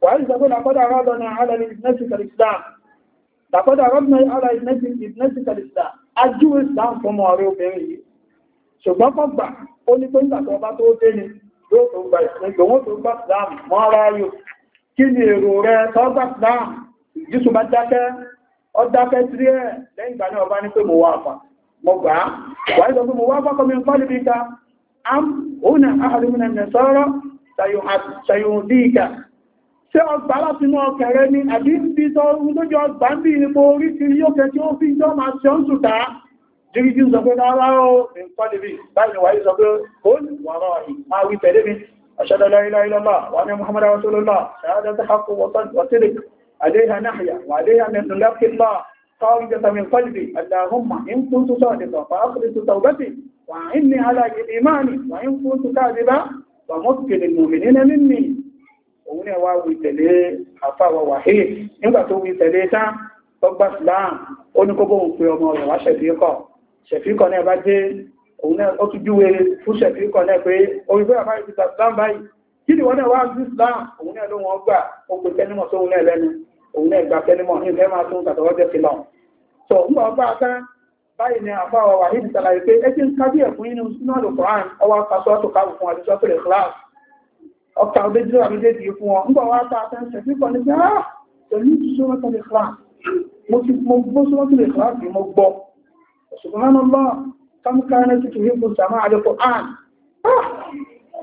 وعايز أقول لقد أرادنا على ابنتك الإسلام لقد أردنا على ابنتك الإسلام أجو الإسلام فما أريد بيه ṣùgbọ́n kọ́ gbà ó ní pé nígbàtọ̀ ọba tó dé ni yóò tó gbà ìpínlẹ̀ bá dákẹ́ ọ dákẹ́ tí ẹ̀ lẹ́yìn ìgbà náà ọba ní pé mo wá àfà mo gbà á wà ní sọ mo wá fọ́kọ́ mi ń pálí bíi ta am òun náà àhàlùmínà nẹ̀sọ́rọ̀ ṣàyùn díìkà ṣé ọgbà láti mọ́ ọkẹ̀rẹ́ ni àbí ń bí tọ́ ohun tó jọ ọgbà ń bí ipò orí ti rí ókẹ tí ó fi jọ máa ṣe ń sùtà jíríjí sọ pé rárá ó nǹkan lè bí báyìí wáyé sọ pé ó ní wọ́rọ̀ máa wí tẹ̀lé mi أشهد لا إله إلا الله وأن محمد رسول الله شهادة حق وصدق عليها نحيا وعليها من نلاقي الله خارجة من قلبي اللهم إن كنت صادقا فأخرج توبتي وأعني على إيماني وإن كنت كاذبا فمسكن المؤمنين مني òun náà wá wí tẹ̀lé àfàwọ̀ wàhíì nígbà tó wí tẹ̀lé tán tọ́gbà islam ó ní kókó òun pé ọmọ rẹ̀ wá ṣẹ̀fíkọ̀ ṣẹ̀fíkọ̀ náà bá dé òun náà ó tún júwe fún ṣẹ̀fíkọ̀ náà pé orí bẹ́ẹ̀ bá ti islam báyìí kí ni wọ́n náà wá sí islam òun náà ló wọ́n gbà ó pe tẹnumọ̀ sóhun náà lẹ́nu òun náà gba tẹnumọ̀ ní ìfẹ́ máa tún tàtọ̀wọ́ jẹ́ sílọ̀ tó ń bọ̀ bá tán báyìí ni àfàwọ̀ wàhíì ṣàlàyé pé ẹ ti ń kábíyẹ̀ fún inú sínú àlùkùrán ọwọ́ ọkà òbéjú àbídéjì fún wọn ń bọ̀ wá bá àtẹ́sẹ̀ pípọ̀ ní pé áà ah, pẹ̀lú sọ́rọ̀tọ̀ lè kláà mo ti gbọ́ sọ́rọ̀tọ̀ lè kláà sí mo gbọ́ ṣùgbọ́n lọ́ kámkárẹ́ sí kìí fún sàmà àjọpọ̀ àn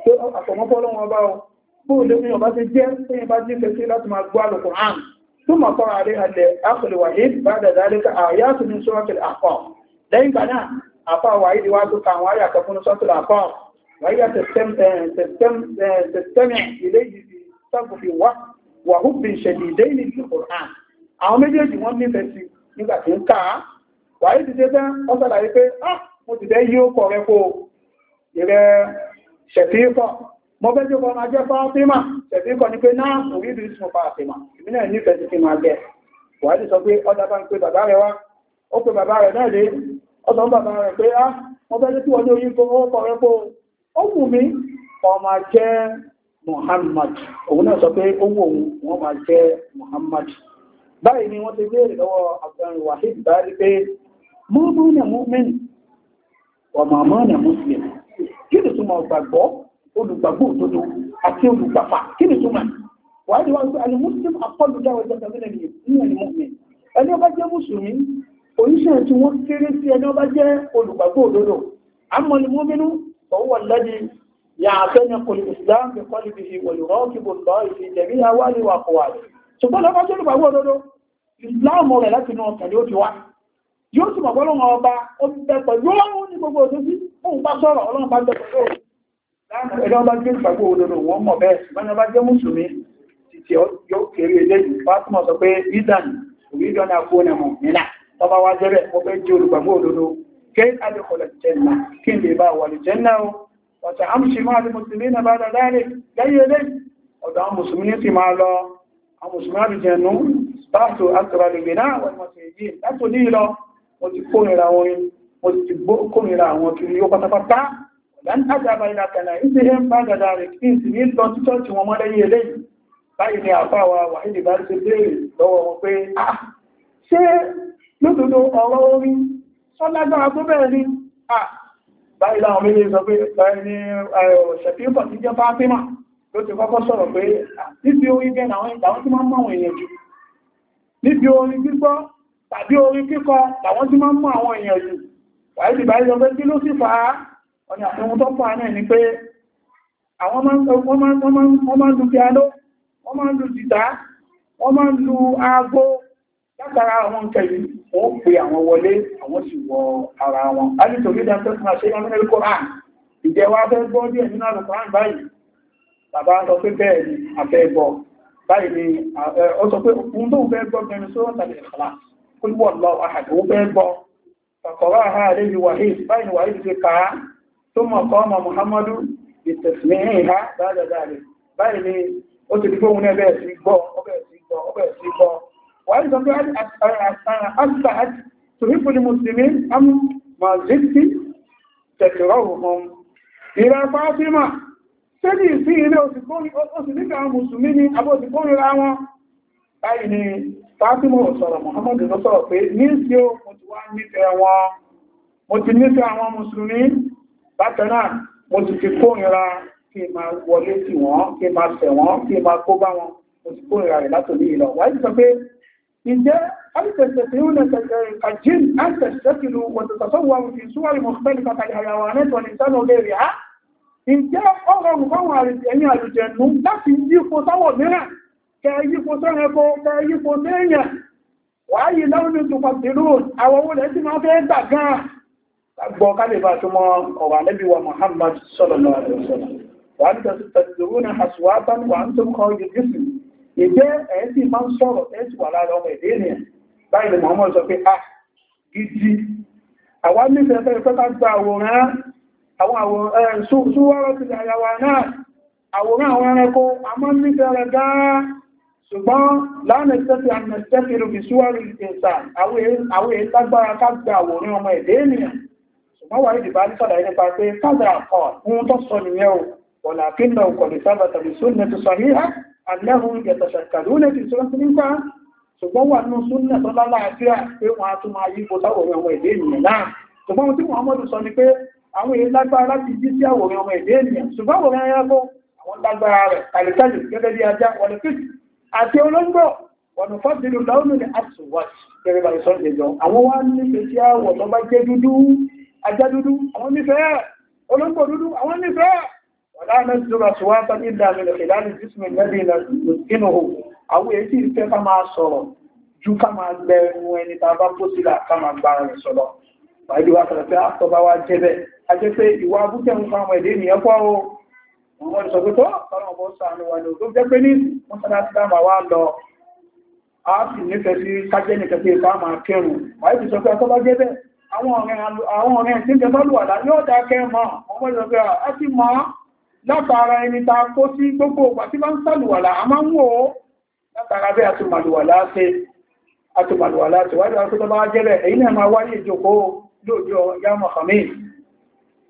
pé àtọ̀mọ́pọ̀ lọ́wọ́ bá ọ bó lè mú ọba ti jẹ́ sẹ́yìn bá jífẹ́ sí láti máa gbọ́ àlùkù àn tó mọ̀ kọ́ àrẹ alẹ́ àkọlẹ̀ wàhíd bá dàdà lẹ́ka àyàtù ní sọ́rọ̀tọ̀ àkọ́ lẹ́yìn kanáà àfà wàhíd wá tó ka àwọn àyàkọ́ fún sọ́rọ̀tọ̀ àkọ́ وهي تستمع إليه في سقف وحب شديدين في القرآن àwọn méjèèjì wọ́n nífẹ̀ẹ́ sí nígbà tí ń káà wàyí ti ṣe tán wọ́n sàlàyé pé ah mo ti bẹ́ yíó kọ̀ rẹ kó ìrẹ ṣẹ̀fíkọ̀ mo fẹ́ jẹ́ kọ́ máa jẹ́ fáfímà ṣẹ̀fíkọ̀ ni pé náà kò rí ìdírísì mo fáfímà ìbí náà nífẹ̀ẹ́ sí kí máa gẹ̀ wàyí ti sọ pé ọjà bá ń pe bàbá rẹ wá ó pe bàbá rẹ náà lé ọ̀sán bàbá rẹ pé ah mo fẹ́ jẹ́ kí wọ́n ní oyin kọ́ rẹ ó wù mí wọ́n máa jẹ́ Muhammad òun náà sọ pé ó wù òun wọ́n máa jẹ́ Muhammad báyìí ni wọ́n ti béèrè lọ́wọ́ abdul wahid báyìí pé mọ́mọ́nà mọ́mọ́nà wà mọ́mọ́nà muslim kí ni túnmọ̀ gbàgbọ́ olùgbàgbọ́ òdodo àti olùgbàfà kí ni túnmọ̀ wà ní wọ́n ni muslim akọlùdá ọjọ́ tẹ̀lé ní ìyẹn ni mọ́mọ́nà ẹni ọba jẹ́ mùsùlùmí oníṣẹ́ tí wọ́n kéré sí ẹni ọba jẹ́ olùgbàgbọ́ òdodo àmọ́ ni mọ́mọ́nà فهو الذي يعتنق الإسلام بقلبه ويراقب الله في جميع أواله وأقواله ṣùgbọ́n lọ́pàá tó nípa owó òdodo ìsìláàmù rẹ̀ láti inú ọ̀tẹ̀lé ó ti wá yóò sì mọ̀gbọ́n lọ́wọ́ ọba ó ti bẹ pẹ̀lú ọ̀run ní gbogbo òdó sí òun bá sọ̀rọ̀ ọlọ́run bá gbẹ̀rẹ̀ lóòrùn láàrín ẹ̀dọ́ bá gbé ìgbàgbọ́ òdodo wọ́n mọ̀ bẹ́ẹ̀ ṣùgbọ́n ọba jẹ́ mùsùlùmí títí yóò kéré eléyìí fásitì mọ̀ sọ pé ìdàn òbí ìdán كيف أدخل الجنة كي لبا والجنة وتعمشي مع المسلمين بعد ذلك جاي لي ودعا مسلمين مع الله المسلمين الجنة بعث أكبر البناء والمسيحيين لا تنيل وتكون راوين وتكون راوين كي يقتفتع لن أذهب إلى كنائسهم بعد ذلك إن سنين تنتج وما لي لي báyìí ni àfáwà wàhídì bá ti bèèrè lọ́wọ́ wọn pé ṣé lódodo ọ̀rọ̀ orin sọ́lágbára tó bẹ̀rẹ̀ ní à báyìí láwọn méjì sọ pé báyìí ní ṣẹ̀fíùpọ̀ tí jẹ́ fátímà ló ti kọ́kọ́ sọ̀rọ̀ pé níbi orin gẹ́ àwọn ìdáwọn tí máa ń mọ̀ àwọn èèyàn jù níbi orin gbígbọ́ tàbí orin kíkọ làwọn tí máa ń mọ̀ àwọn èèyàn jù wàí ti báyìí lọ́gbẹ́ kí ló sì fà á ọ̀nà àfihàn tó pọ̀ náà ni pé àwọn wọ́n máa ń lu piano wọ́n máa ń lu jìtá wọ́n máa ń lu aago látara àwọn nǹkan yìí wọ́n pe àwọn wọlé àwọn sì wọ ara wọn a ní torí dáńtọ́ fún àṣẹ ìyá mẹ́rin koran ìjẹ́ wa fẹ́ gbọ́ díẹ̀ nínú àrùn koran báyìí bàbá sọ pé bẹ́ẹ̀ ni àfẹ́ gbọ́ báyìí ni ó sọ pé ohun tó fẹ́ gbọ́ gẹnu sọ́rọ̀ tàbí ìkàlá kó wọ́n lọ àhàdé ó fẹ́ gbọ́ kọ̀kọ̀rọ̀ àhá àlẹ́ ni wàhíd báyìí ni wàhíd ti kà á tó mọ̀ kọ́ ọmọ muhammadu ìtẹ̀sìmíhìn ìhá dáadáa báyìí ni ó ti di fóun náà bẹ́ẹ̀ sí gbọ́ ọbẹ̀ sí gbọ́ ọbẹ̀ sí gbọ́ وقال ذنبي أصبحت تحب المسلمين أم ما زلت تكرههم إلى فاطمة سيدي في إلى أسفوني أسفوني عن مسلمين أبو أسفوني الآن أين فاطمة وصلى محمد نصر في نيسيو متوان نتعوان متنسى عن مسلمين باتنا متفقون إلى kí ma wọlé sí wọn kí ma ṣẹ̀ wọn kí ma kó bá wọn mọ̀síkó ìrà rẹ̀ látòlé ìlọ wáyé sọ pé إذا هل تستطيعون الجن أن تشتكلوا وتتصوروا في صور مختلفة كالحيوانات والإنسان وغيرها؟ Ǹjẹ́ ọ̀rọ̀ ọ̀gbọ́n àrẹ̀mí àlùjẹ̀nù láti yípo sáwọ̀ mìíràn, kẹ́yípo sọ́rẹ̀bọ, kẹ́yípo mẹ́yàn, wáyé lọ́nà ìtùpọ̀ tìrú àwọn olè tí máa fẹ́ gbà gan-an. Gbọ́ kálẹ̀ bá túnmọ́ ọ̀rọ̀ Ànábì wa Muhammad sallallahu alaihi wasallam. Wà ń tẹ̀sí tẹ̀sí ìjẹ́ ẹ̀ẹ́sì máa ń sọ̀rọ̀ ẹ̀ẹ́sì wà lára ọmọ ìdí ènìyàn báyìí ni Muhammad sọ pé a gidi àwọn nífẹ̀ẹ́ fẹ́ fẹ́ ká gba àwòrán àwọn àwòrán súwọ́rọ̀ ti lára wa náà àwòrán àwọn ẹranko a máa ń nífẹ̀ẹ́ rẹ̀ gáà ṣùgbọ́n láàrín ìsẹ́fẹ́ àmìsẹ́fẹ́ lóbi súwọ́rọ̀ ìtẹ̀sà àwọn èyí lágbára ká gba àwòrán ọmọ ìdí ènìyàn ṣùgbọ́n wà ní ìdìbà ní sọ̀dà nípa pé káàdà àkọ́ ohun tó sọ nìyẹn o ولكنه قد ثبت بسنة صحيحة أنهم يتشكلون في سورة الإنسان ṣùgbọ́n wà nínú súnnà tó lálàáfíà pé wọ́n a tún máa yípo sáwòrán ọmọ èdè ènìyàn náà ṣùgbọ́n tí Muhammadu sọ ni pé àwọn èèyàn lágbára láti jí sí àwòrán ọmọ èdè ènìyàn ṣùgbọ́n àwòrán ẹranko àwọn lágbára rẹ̀ kàlùkàlù gẹ́gẹ́ bí ajá wọlẹ̀fíìsì àti olóńgbò wọ̀nà fọ́dìlú lọ́nà ní àtúwàt gẹ́gẹ́ bá ìsọ́ ìjẹjọ àwọn wá nífẹ̀ẹ́ sí àwọ̀ tó bá jẹ́ dúdú ajá dúdú àwọn nífẹ̀ẹ́ olóńgbò dúdú àwọn nífẹ̀ẹ́ wàlá nẹ́sùn rà síwáta nílà àmìlẹ̀ ìlànà ìjísìmì lẹ́bí ìlànà àwọn èyí tí ìfẹ́ ká máa sọ̀rọ̀ ju ká máa gbẹ ẹnu ẹni tá a bá kó sílà ká máa gba rẹ̀ sọ̀rọ̀ wàídí wa sọ̀rọ̀ pé àtọ́bá wa jẹ́ bẹ́ẹ̀ a jẹ́ pé ìwà abúkẹ́ ń fa àwọn ẹ̀dẹ́ ènìyàn pọ̀ o wọ́n sọ pé tó ọ̀rọ̀ ọ̀bọ̀ sànù wà ní òtó jẹ́ pé ní wọ́n sọ́dá sí dáàmà wa lọ a sì nífẹ̀ẹ́ sí kájẹ́ nìkan pé ká máa kẹrùn wàídí sọ pé àtọ́bá jẹ́ bẹ́ẹ̀ àwọn ọ̀rẹ́ tí ń jẹ bọ́lù wà láyé ọ̀dà kẹ́ mọ́ ọmọ ìjọba ẹ ti mọ́ látara ẹni ta kó sí gbogbo ọgbà tí bá ń sàlùwàlà a máa ń wò ó látara bí àtùmàlùwàlá ṣe àtùmàlùwàlá ṣe wájú akútọ bá jẹ́lẹ̀ èyí náà máa wáyé ìjókòó lóòjọ́ yàmọ̀ khamis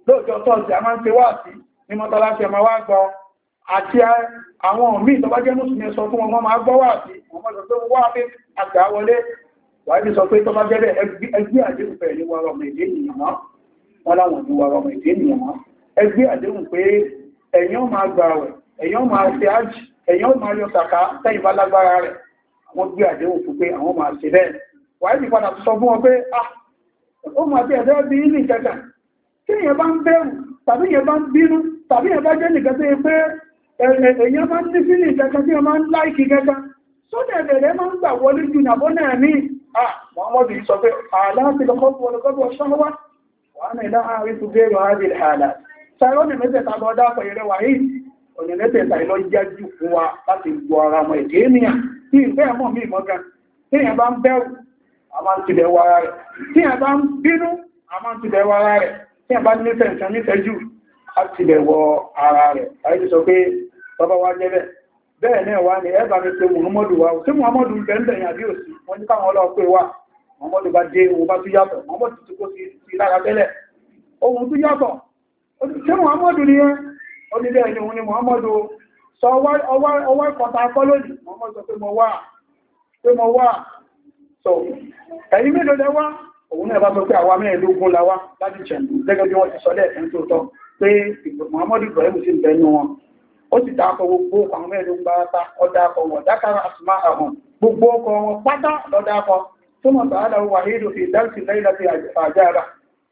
lóòjọ́ tọ́ọ̀sì a máa ń ṣe wá sí ní mọ́tọ́láṣì a máa wá gbọ́ àti àwọn míì tó bá jẹ́ mùsùlùmí sọ fún wọn máa ẹgbẹ́ àdéhùn pé ẹ̀yin ó máa a ẹ̀yin ó máa ṣe ájì ẹ̀yin máa yọ sàká tẹ́yìn bá lágbára rẹ̀ wọ́n gbé àdéhùn fún pé àwọn máa ṣe bẹ́ẹ̀ wàá ti padà sọ fún wọn pé ó máa bí ẹ̀dẹ́ bí ní ìkẹta tí èèyàn bá ń bẹ̀rù tàbí bá ń bínú tàbí bá jẹ́ nìkan tó yẹ pé bá ń ní sí ní ìkẹta tí ah sọ pé àlá ti lọ́kọ́ fún ọlọ́kọ́ sàrọ́nì mẹ́tẹ̀ẹ̀ta lọ dápọ̀ ìrẹ́ wà yìí ọ̀nà mẹ́tẹ̀ẹ̀ta ìlọ yájú fún wa láti gbọ́ ara wọn èdè ènìyàn tí ìfẹ́ ẹ̀mọ́ mi tí ìyàn ń bẹ̀rù a máa rẹ̀ tí ìyàn a máa ń ara rẹ̀ tí ìyàn bá ní nǹkan nífẹ̀ẹ́ jù a tilẹ̀ wọ wa jẹ́ bẹ́ẹ̀ bẹ́ẹ̀ náà wá ní mi pé muhammadu ṣe Muhammadu ni ẹ́ onílé ẹni òun ni Muhammadu sọ ọwọ́ ìkọta akọ́lódì Muhammadu sọ pé mo wà pé mo wà sọ ẹ̀yìn mélòó lẹ́wà òun náà bá sọ pé àwa mẹ́ẹ̀ẹ́dógún la wá láti Ìjẹ̀bú gẹ́gẹ́ bí wọ́n ti sọ lẹ́ẹ̀kan tó tọ́ pé Muhammadu Ibrahim sì ń bẹnu wọn ó sì dákọ̀ gbogbo àwọn mẹ́ẹ̀ẹ́dógún bá ta ọdá akọ wọn dákàrà àtúmá àwọn gbogbo ọkọ̀ wọn pátá lọ́dá akọ tó mọ̀ sàádà wà hídò fi dáìsì lẹ́yìn láti àjára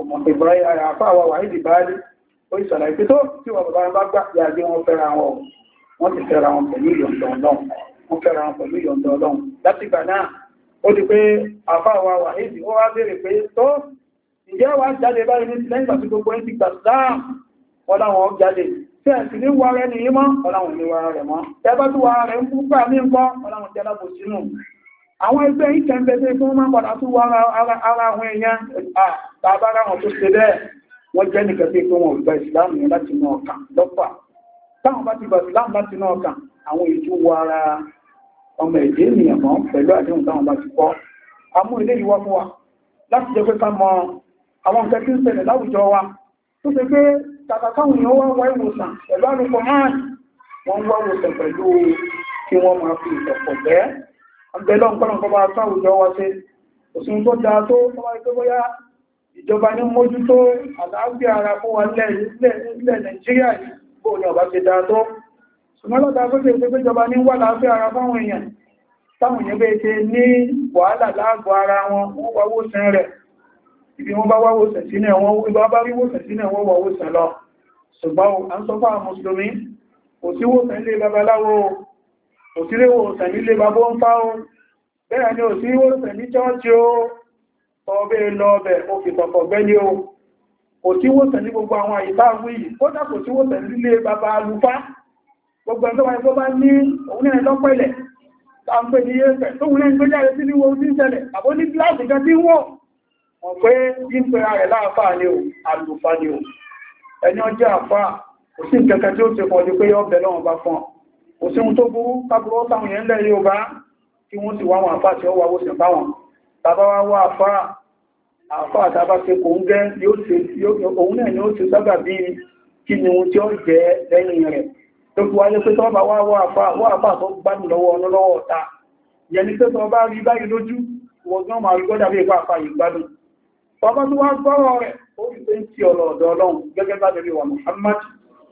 Ibrahim àyàfà àwọn wàhídì báálé ó ìṣàlà ìpé tó tí wọ́n bàbá bá gbà yà gbé wọn fẹ́ra wọn wọ́n ti fẹ́ra wọn pẹ̀lú ìyọ̀ǹda ọlọ́run láti gbà náà ó di pé àfà àwọn wàhídì ó wá béèrè pé tó ǹjẹ́ wà jáde báyìí ní lẹ́yìn ìgbà tí gbogbo ẹni ti gbà sáà wọ́n láwọn jáde tí ẹ̀ sì ní àwọn ẹgbẹ́ ìkẹ́ǹdẹ́gbẹ́ tó máa padà tó wá ara àwọn èèyàn àtàbára wọn tó ṣe bẹ́ẹ̀ wọ́n jẹ́ nìkan tí pé wọn ò gba ìsìláàmù yẹn láti inú ọkàn lọ́pàá táwọn bá ti gba ìsìláàmù láti inú ọkàn àwọn èyí tó wọ ara ọmọ èdè ènìyàn mọ́ pẹ̀lú àdéhùn táwọn bá ti kọ́ amú ilé ìwọ́ fún wa láti jẹ́ pé ká mọ àwọn nǹkan tí ń ṣẹlẹ̀ láwùjọ wa tó ṣe pé kàkà káwọn èèyàn wá wá ìwòsàn pẹ̀lú àlùkò hàn wọ́n àbẹ̀lọ́ ọ̀pọ̀lọpọ̀ bá sáwùjọ wa ṣe òsùn tó dáa tó wáyé tó bóyá ìjọba ní mójútó àlàáfíà ara fún wa nílẹ̀ Nàìjíríà yìí bó ní ọba ṣe dáa tó ṣùgbọ́n lọ́ta tó ṣe pé ìjọba ní wà láàáfíà ara fáwọn èèyàn táwọn èèyàn bẹ́ẹ̀ ṣe ní wàhálà láàgọ́ ara wọn wọ́n wá wòsàn rẹ̀ ibi wọ́n bá wá wòsàn ń sọ fáwọn mùsùlùmí kò sí wòsàn ilé babaláwo òsílé òsàn nílé babó ń fáó bẹ́ẹ̀ ni òsí òsàn ní chọ́ọ̀chì ó ọbẹ̀ lọ ọbẹ̀ ó fi tọ̀kọ̀ gbẹ́lé o òsí òsàn ní gbogbo àwọn àyíká wíyì ó dàpọ̀ sí òsàn nílé bàbá alùfá gbogbo ẹ̀tọ́ wáyé tó bá ní òun náà lọ́pẹ̀lẹ̀ tàbí ní ẹ̀fẹ̀ tó wùn náà gbéjáre sí ní wọ́n tí ń tẹ̀lẹ̀ àbó ní gíláàsì kan tí wọ́n kò tó burú kábúrú ọ́tàwọn yẹn lẹ́ yóò kí wọ́n sì wáwọn àfá tí ó wà wọ́sẹ̀ bá wọn tàbá wá wá àfá àfá àtàbá ṣe kò ń gẹ́ òun náà ni ó ti sábà bí kí ni ohun tí ó jẹ́ lẹ́yìn rẹ̀ tó fi wáyé pé tọ́ba wá tó wá gbọ́rọ̀ rẹ̀ ó fi pé ń ti ọ̀lọ̀ ọ̀dọ̀ ọlọ́run gẹ́gẹ́ bá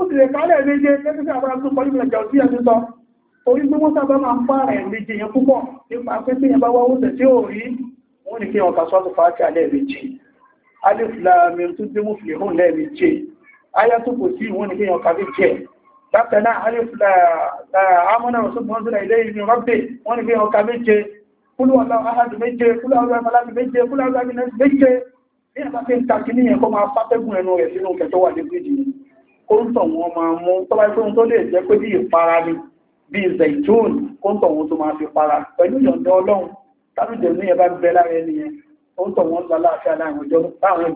ó ti lè kálẹ̀ méje tẹ́kùsí àbára tó pọ̀ nígbà jọ sí ẹ̀sùn sọ orí tó mọ́ sábà máa ń fà rẹ̀ méje yẹn púpọ̀ nípa pé tí yẹn bá wá oúnjẹ tí ó rí wọ́n ní kí ọkà sọ́tù fàákì alẹ́ méje alif lam mim tó dé mú fi hùn lẹ́ẹ̀méje ayá tó kò sí wọ́n ní kí ọkà fi jẹ bákan náà alif amúnà ọ̀sùn mọ́sílẹ̀ ilé ìlú rọ́bẹ̀ wọ́n ní kí ọkà méje kúlù ọ̀lá ahadu méje kúlù ọ̀lá ọ̀lá méje kúlù ọ̀lá méje ní ẹ̀bá fi ń ta kí ní ẹ̀kọ́ máa fátẹ́gùn ẹnu rẹ̀ sínú kẹtọ́ wà lébìdì kóńtọ̀ wọn máa mú tọ́bá ìfún tó lè jẹ́ pé bí ìpara ni bí zaitun kóńtọ̀ wọn tó máa fi para pẹ̀lú ìyọ̀ndẹ̀ ọlọ́run tábìjẹ̀ ní ẹbá bẹ lára ẹni yẹn kóńtọ̀ wọn lọ láàfíà láàrin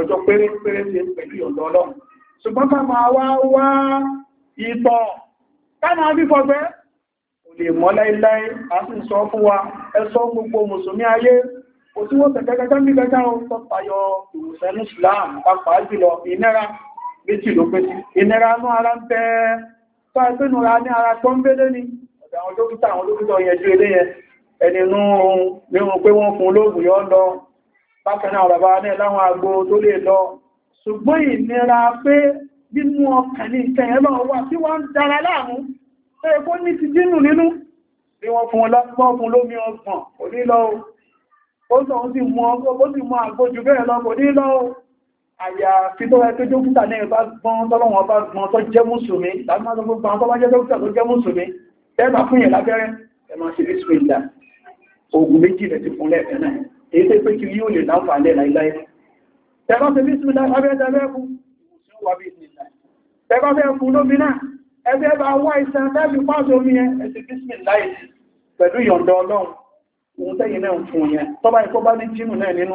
ọjọ́ péré péré sí pẹ̀lú ìyọ̀ndẹ̀ wá wá ìtọ̀ ká máa bí fọgbẹ́ kò lè mọ́ láíláí a sì sọ fún wa ẹ sọ gbogbo mùsùlùmí ayé kò sí wọ́n tẹ̀kẹ́kẹ́kẹ́ bí kẹ́kẹ́ ó tọ́ tayọ ìwòsàn islam pàápàá jùlọ ìnira méjì ló pé sí ìnira ní ara ń tẹ́ tó ẹgbẹ́nu ra ní ara tó ń bélé ni ọ̀dọ̀ àwọn dókítà àwọn dókítà yẹjú ilé yẹn ẹni nú mírun pé wọ́n fún olóògùn yọ́ lọ bákan náà bàbá náà láwọn àgbo tó lè lọ ṣùgbọ́n ìnira pé nínú ọkàn ní ìkẹyẹ lọ wà tí wọ́n ń dára láàmú tó yẹ kó ní ti dínú nínú bí wọ́n fún ọlọ́pọ̀ fún lómi ọgbọ̀n kò ní lọ ó sọ ó sì mú àgbójú bẹ́ẹ̀ lọ kò ní lọ àyàfi tó wáyé pé dókítà náà bá gbọ́n tọ́lọ́wọ́n bá gbọ́n tó jẹ́ mùsùlùmí láti máa tọ́gbọ́n gbọ́n tó bá jẹ́ dókítà tó jẹ́ mùsùlùmí tẹ́bà fún yẹn lábẹ́rẹ́ ẹ máa ṣe bísí ìlà oògùn méjì rẹ̀ ti fún lẹ́ẹ̀kan náà èyí tó pé kí yóò lè láǹfààní láíláí tẹ́bà fẹ́ bísí ìlà lábẹ́rẹ́ tẹ́bẹ́ fún tẹ́bà fẹ́ fún lómi náà ẹgbẹ́ bá wá ìsàn tẹ́bì pàṣẹ omi yẹn ẹ ti bísí ìlà pẹ̀lú ìyọ̀ǹda ọlọ́run òun tẹ́yìn náà fún yẹn tọ́bá ikọ́ bá ní jínù náà nínú